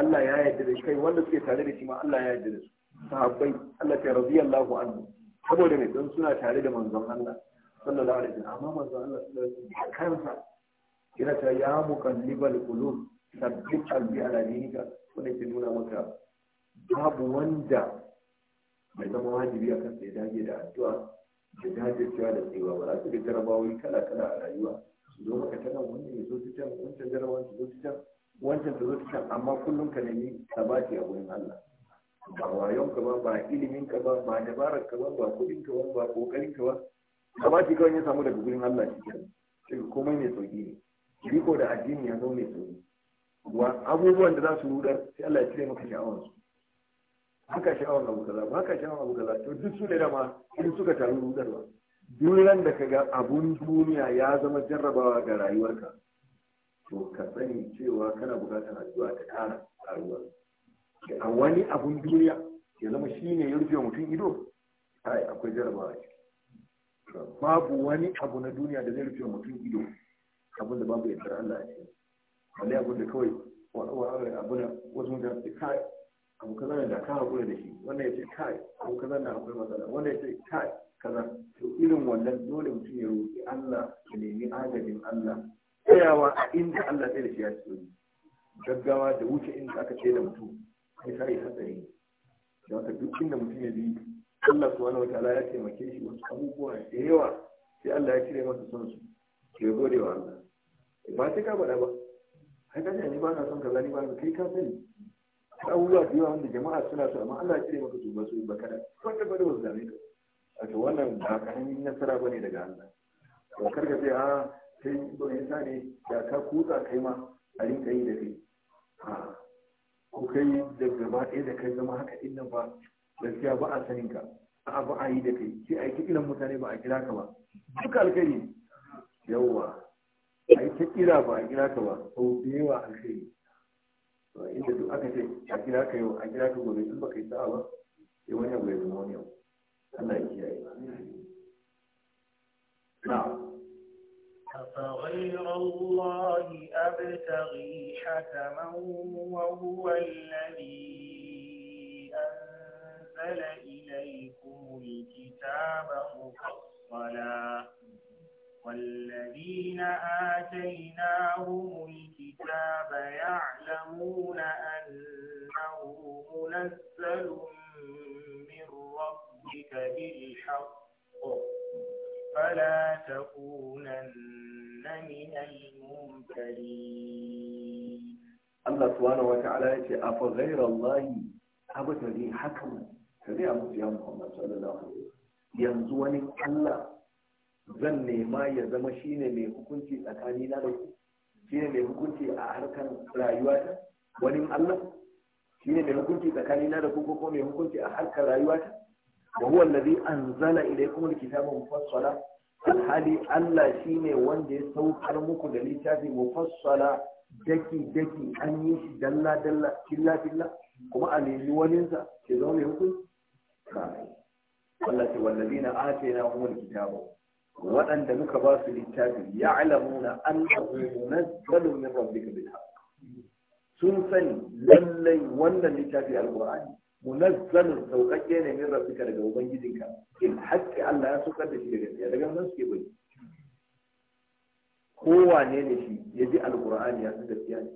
Allah ya yarda da shi kai wanda suke tare da shi ma Allah ya yarda da su sahabbai Allah ta radiyallahu anhu saboda me don suna tare da manzon Allah sallallahu alaihi wasallam amma manzon Allah sallallahu alaihi wasallam kansa yana ta ya muqallibal qulub sabbit qalbi ala dinika wanda ke nuna maka babu wanda mai zama wajibi a kansa ya dage da addu'a da cewa da tsewa ba za su ga jarabawoyi kala kala a rayuwa su zo maka tana wannan ya zo ta can wancan jarabawan su zo ta can wancan ta zo ta can amma kullum ka nemi sabati a wurin Allah ba wayon ka ba ba ilimin ka ba ba dabarar ka ba ba kudin ka ba ba kokarin ka ba sabati kawai ya samu daga gurin Allah shi kenan komai mai sauki ne riko da addini ya zama mai tsoro wa abubuwan da za su rudar sai Allah ya cire maka sha'awar su haka sha'awar abu kaza haka sha'awar abu kaza to duk su ne dama in suka taru rudarwa duk da ka ga abun duniya ya zama jarrabawa ga rayuwarka to ka sani cewa kana bukatar addu'a ta kara karuwa a wani abun duniya ya zama shi ne ya rufe mutum ido ai akwai jarrabawa babu wani abu na duniya da zai rufe mutum ido abin da babu yadda Allah a cikin wani abin da kawai abin wasu mutane su kai abu kaza ne da ka haƙura da shi wannan ya ce kai abu kaza na akwai matsala wannan ya ce kai kaza to irin wannan dole mutum ya roƙi Allah ya nemi agajin Allah tsayawa a inda Allah ɗaya da shi ya ci gaggawa da wuce inda aka ce da mutum sai sai hatsari da wata duk inda mutum ya bi Allah subhanahu wataala ya taimake shi wasu abubuwa da yawa sai Allah ya cire masa son su ke gode wa Allah eh, ba sai ka bada ba ai ka ni ba na son kaza ni ba na kai ka sani abubuwa da yawa wanda jama'a suna so amma Allah ya cire maka su ba su ba kada wanda ba da wasu dame ka wato wannan ba karamin nasara bane daga Allah to karka sai ah, a sai don yasa ne da ka kutsa kai ma a rinka yi da kai ko kai da gaba ɗaya da kai zama haka din nan ba gaskiya ba a sanin ka a'a ba a yi da kai sai a yi kiran mutane ba a kira ka ba duka alkhairi yawwa a yi ta kira ba a kira ka ba sau da yawa an kai to inda duk aka ce a kira ka yau a kira ka gobe in baka yi sa'a ba sai wani abu zama wani abu Allah ya kiyaye na'am أفغير الله أبتغي حكما وهو الذي أنزل إليكم الكتاب مفصلا والذين آتيناهم الكتاب يعلمون أنه منزل من ربك بالحق فلا تكونن من الممتلين الله سبحانه وتعالى يقول أفغير الله أبتغي حكما كذي أبو محمد صلى الله عليه وسلم ينزوني الله zan nema ya zama shine mai hukunci tsakani na da shine mai hukunci a harkar rayuwa ta wani Allah shine mai hukunci tsakani na da ku ko mai hukunci a harkar rayuwa ta wa huwa allazi anzala ilaykum alkitaba mufassala alhali Allah shine wanda ya saukar muku da littafi mufassala daki daki an yi shi dalla dalla killa killa kuma a nemi sa ke zama mai hukunci Allah ce wallazina atayna humul kitaba waɗanda muka ba su littafi ya ya'lamuna annahu munazzalun min rabbika bil haqq sun sani lallai wannan littafi alqur'ani munazzalun sauƙaƙe ne min rabbika daga ubangijinka in haƙƙi Allah ya saukar da shi daga tsaye daga nan suke bai kowane ne shi ya ji alqur'ani ya su gaskiya ne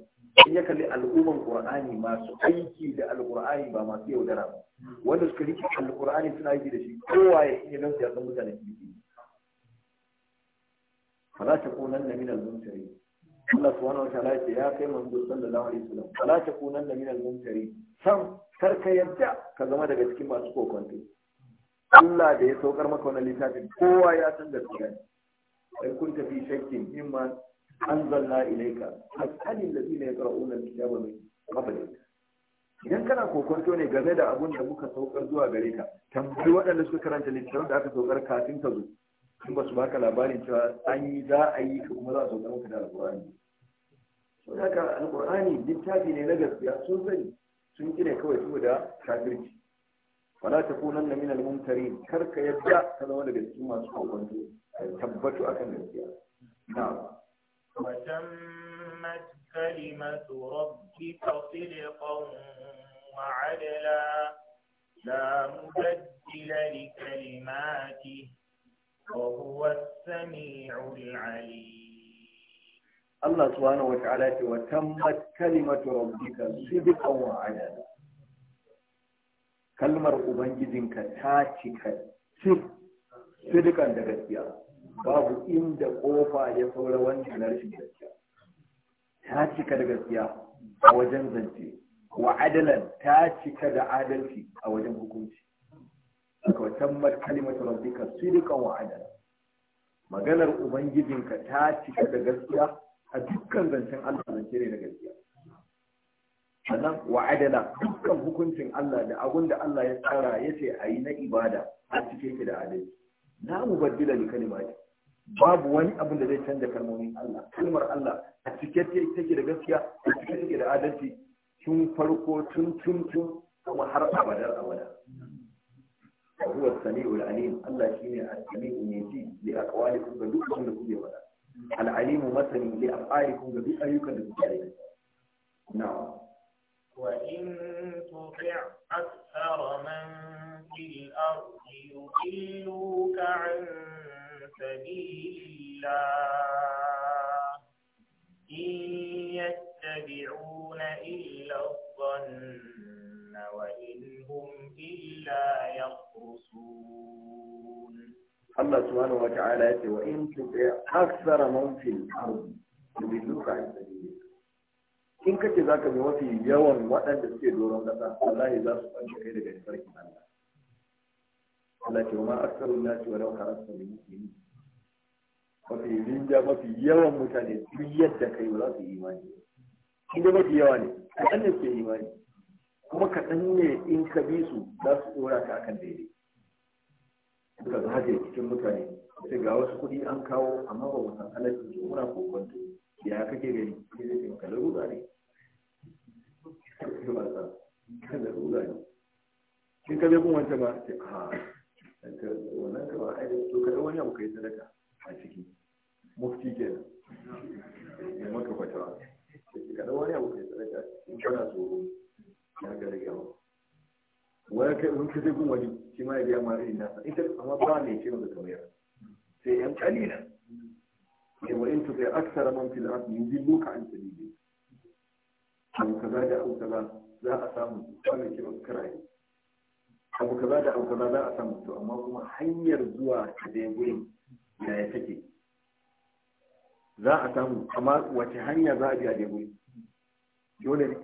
in ya kalli al'umman qur'ani masu aiki da alqur'ani ba masu yaudara ba wanda suka rike alqur'ani suna aiki da shi kowaye ya ya gamsu ya san mutane kirki fala ta kunan da minal mumtari Allah subhanahu wa ta'ala ce ya kai manzo sallallahu alaihi wasallam fala ta kunan da minal mumtari kar ka yarda ka zama daga cikin masu kokonto Allah da ya saukar maka wannan littafin kowa ya san da gaskiya in kun tafi shakkin mimma anzalna ilayka fasalil ladina yaqra'una al-kitaba min qablik idan kana kokonto ne game da abun da muka saukar zuwa gare ka tambayi waɗanda suka karanta littafin da aka saukar kafin ka zo in ba su baka labarin cewa an yi za a yi kuma za a saukar maka da alkur'ani sau da ka alkur'ani littafi ne na gaskiya sun sani sun gina kawai saboda kafirci wala ta kunan na minal mumtari kar ka yadda ka zama daga cikin masu kokonto tabbatu akan gaskiya na وتمت كلمة ربك صدقا وعدلا لا مبدل لكلماته وهو السميع العليم الله سبحانه وتعالى وتمت كلمة ربك صدقا وعدلا kalmar ubangijinka ta cika sirrikan da gaskiya babu inda ƙofa ya saura wannan rashin gaskiya ta cika da gaskiya a wajen zance wa ta cika da adalci a wajen hukunci wa tammat kalimatu rabbika sidqan wa adala maganar ubangijinka ta cika da gaskiya a dukkan zancen Allah zance ne da gaskiya sannan wa adala dukkan hukuncin Allah da abun da Allah ya tsara ya ce a yi na ibada a cike ki da adalci na mu baddila ni kalimati babu wani abun da zai canza kalmomin Allah kalmar Allah a cike take da gaskiya a cike take da adalci tun farko tun tun tun kuma har abadar abada وهو السميع العليم الله شيني السميع ميجي لأقوالكم بدوكم لكم ولا العليم مثلي لأفعالكم بدوك أيكم لكم نعم وإن تطع أكثر من في الأرض يضلوك عن سبيل الله إن يتبعون إلا الظن وإن هم إلا يخرجون يبصرون الله سبحانه وتعالى وإن تطع أكثر من في الأرض يضلوك عن سبيلك in kace za ka bi mafi yawan waɗanda suke doron ƙasa wallahi za su ɓance kai daga farkin Allah Allah ce ma aksarun nasi wa lauka rasu da mu'mini mafi rinja mafi yawan mutane duk yadda kai ba za su yi imani inda mafi yawa ne kaɗan ne suke imani kuma kaɗan ne in ka bi su za su ɗora ka akan daidai suka zagaye cikin mutane sai ga wasu kuɗi an kawo amma ba mu san alaƙin su muna kokonto ya kake gani sai zai taimaka larura ne kan larura ne kin kabe kuma wancan ba sai a ah, wannan ka ba ai to kada wani abu kai sadaka a ciki mufti ke kenan ya maka fatawa kada wani abu kai sadaka in kana tsoro ya ga rigawa wani kai mun kaje gun wani shi ma ya biya ma irin nasa ita amma ba ne ce maka kamar sai yan kalilan sai wa in tuqi akthara man fil ard yudilluka an sabili abu kaza da abu kaza za a samu wannan ce maka karaye abu kaza da abu kaza za a samu to amma kuma hanyar zuwa ta dai gurin yaya take za a samu amma wace hanya za a bi a dai gurin dole ne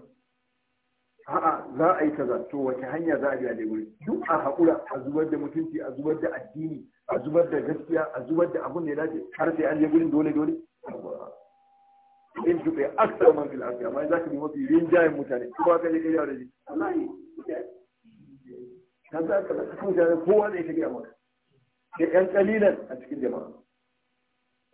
a'a za a yi kaza to wace hanya za a biya da wuri duk a haƙura a zubar da mutunci a zubar da addini a zubar da gaskiya a zubar da abun da ya dace har sai an je gurin dole dole in su kai aksa man fil ardi amma za ka bi mafi rinjayen mutane ko ba ka je kai yawa wallahi Ka za ka ka kun ga kowa zai ta gaya maka sai yan kalilan a cikin jama'a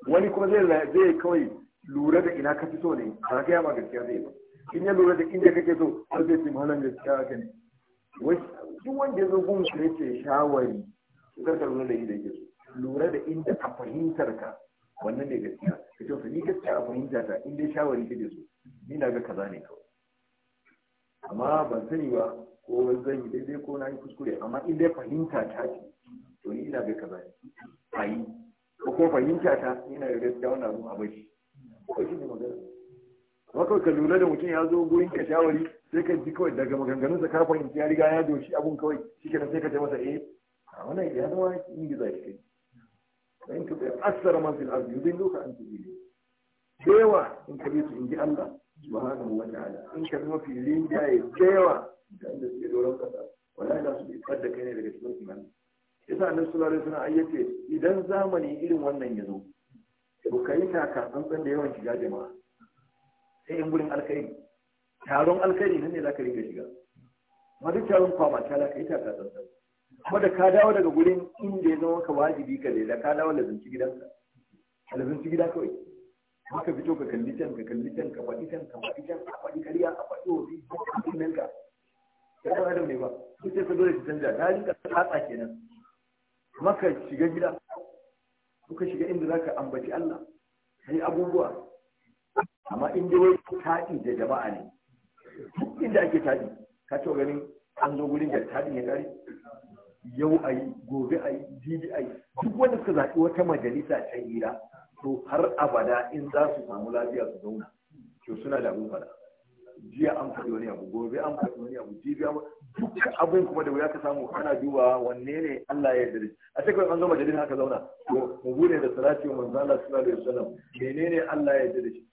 wani kuma zai zai kawai lura da ina ka fito ne ka ga ya ma gaskiya zai ba in ya lura da inda kake so har zai ce malam gaskiya haka ne duk wanda ya zo gun ka ce shawari kar ka lura da inda yake so lura da inda a fahimtar ka wannan ne gaskiya ka ce wasu ni gaskiya a fahimta ta in dai shawari kake so ni na ga kaza ne kawai amma ban sani ba ko zan yi daidai ko na yi kuskure amma in dai fahimta ta ce to ni ina ga kaza ne ko fahimta ta ina ga gaskiya wannan abu a bashi ko shi ne magana wakar ka lura da mutum ya zo gurin ka shawari sai ka ji kawai daga maganganun sa ka fahimci ya riga ya doshi abun kawai shikenan sai ka ce masa eh a wannan ya zama ingiza zai kai in ka bai asara man fil ardi zai doka an tabi dewa in ka bi su in ji Allah subhanahu wa ta'ala in ka bi mafi rinjaye dewa da inda suke doron kasa Wani da su bi da kai ne daga cikin imani yasa annabi sallallahu alaihi wasallam ayyace idan zamani irin wannan ya zo ku kai taka tsantsan da yawan shiga jama'a sai yan gurin alkhairi taron alkhairi nan ne za ka riga shiga amma duk taron kwama ta za ka yi ta tsantsan kuma da ka dawo daga gurin inda ya zama ka wajibi ka da ka dawo lazanci gidanka lazanci gida kawai ka fito ka kalli can ka kalli can ka faɗi can ka faɗi can ka faɗi kariya ka faɗi wofi a faɗi ka ya ɗan adam ne ba su sai ka dole ka canja ta rinka tsatsa kenan kuma ka shiga gida ka shiga inda za ka ambaci Allah ka yi abubuwa amma in dai wai taɗi da jama'a ne duk inda ake taɗi ka ce ganin an zo gurin da taɗi ya ƙari yau a yi gobe a yi jibi a yi duk wanda suka zaɓi wata majalisa ta hira to har abada in za su samu lafiya su zauna to suna da abin fada jiya an faɗi wani abu gobe an faɗi wani abu jibi an duk abin kuma da wuya ka samu ana duba wanne ne Allah ya yarda a ce kawai an zo majalisa haka zauna to mu bude da salati wa manzo sallallahu alaihi wasallam menene Allah ya yarda da shi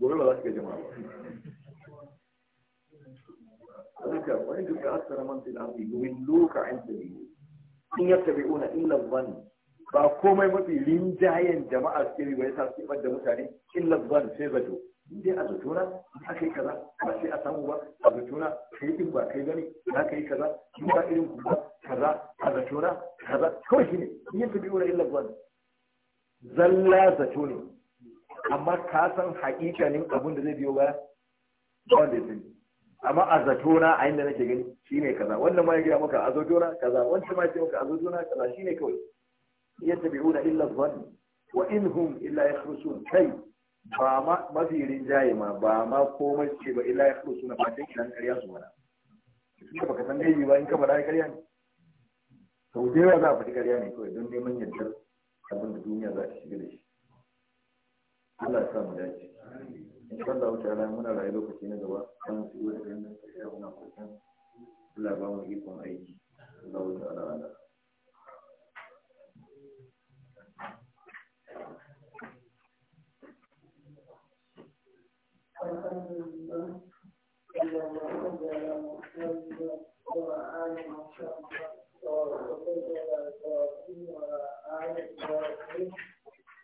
gobe ba za su ga jama'a ba haka wani duka asara man fil ardi min luka an sabili in yattabi'una illa dhann ba komai mafi rinjayen jama'a suke ba yasa su da mutane illa dhann sai zato dai a zatona a kai kaza ba sai a samu ba a zatona kai din ba kai gani za kai kaza in ba irin ku ba kaza a zatona kaza kawai shi ne in yattabi'una illa dhann zalla zato ne amma ka san haƙiƙanin abin da zai biyo ba ba da ya sani amma a zato na a inda nake gani shine kaza wannan ma ya gaya maka a zato na kaza wancan ma ya ce maka a zato na kaza shine kawai yattabi'una illa zuwan wa in hum illa yakhrusun kai ba ma mafi rinjaye ma ba ma komai ce ba illa yakhrusuna ba dai kiran karya su mana shi ka san dai ba in ka faɗa ƙarya ne sau da yawa za a faɗi karya ne kawai don neman yadda abin da duniya za ta shiga da shi Allah ya sa mu dace in sha Allah ta ran muna rayu lokaci na gaba kan su wani kan nan sai muna kokan Allah ba mu ikon aiki Allah ta ala ala Thank you.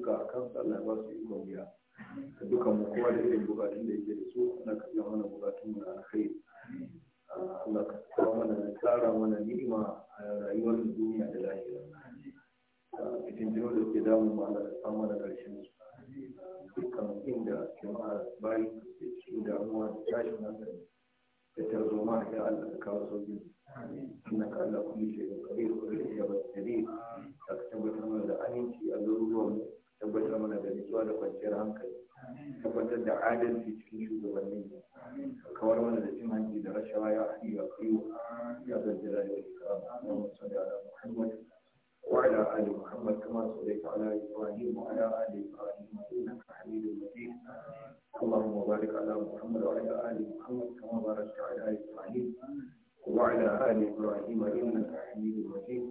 suka a kansu Allah ya ba su ikon biya da dukan mu kowa da irin bukatun da yake da su ana karɓar mana bukatun mu na alkhairi Allah ka kawo mana da tsara mana ni'ima a rayuwar duniya da lahira fitintino da ke damun mu Allah ka kawo mana ƙarshen su dukkan inda jama'a bayi ke cikin damuwa da tashin hankali da tarzoma ya Allah ka kawo sauƙin إنك على كل شيء قدير وإليك السبيل أكتبت هذا أنت الأول tabbatar mana da nutsuwa da kwanciyar hankali tabbatar da adalci cikin shugabannin kawar mana da cin hanci da rashawa ya haɗi ya kayo ya zaljira da Muhammad wa ala ali Muhammad kama sallaita ala Ibrahim wa ala ali Ibrahim innaka Hamidum Majid Allahumma barik ala Muhammad wa ala ali Muhammad kama barakta ala وعلى آل إبراهيم إنك حميد مجيد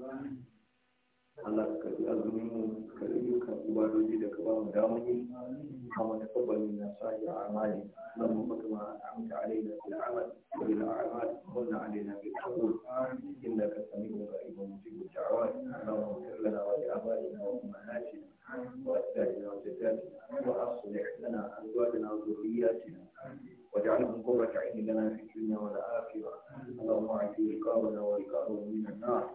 Allah ka karbi azumin mu ka yi ayyukan ibadoji da ka ba mu damar yi kama da tabbani na sa'i a amali dan mu kuma amta alaina bil amal wa bil a'mal kunna alaina bil qabul inda ka sami mu ga ibn mujibu da'awat Allahumma ighfir lana wa li abaina wa ummahatina wa asdaina wa jaddatina wa aslih lana azwajana wa ce. واجعلهم قرة عين لنا في الدنيا والآخرة اللهم اعز رقابنا ورقابهم من النار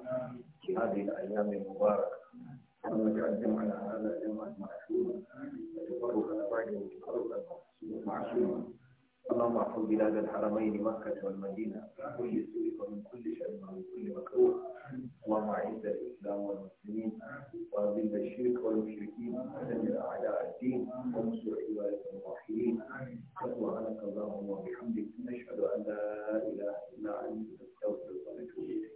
في هذه الأيام المباركة اللهم اجعل جمعنا هذا جمعا معشورا وتفرقنا بعده تفرقا معشورا اللهم احفظ بلاد الحرمين مكة والمدينة من كل سوء ومن كل شر ومن كل مكروه اللهم اعز الإسلام والمسلمين وأذل الشرك والمشركين ودمر أعداء الدين وانصر عبادك الموحدين سبحانك اللهم وبحمدك نشهد أن لا إله إلا أنت نستغفرك ونتوب إليك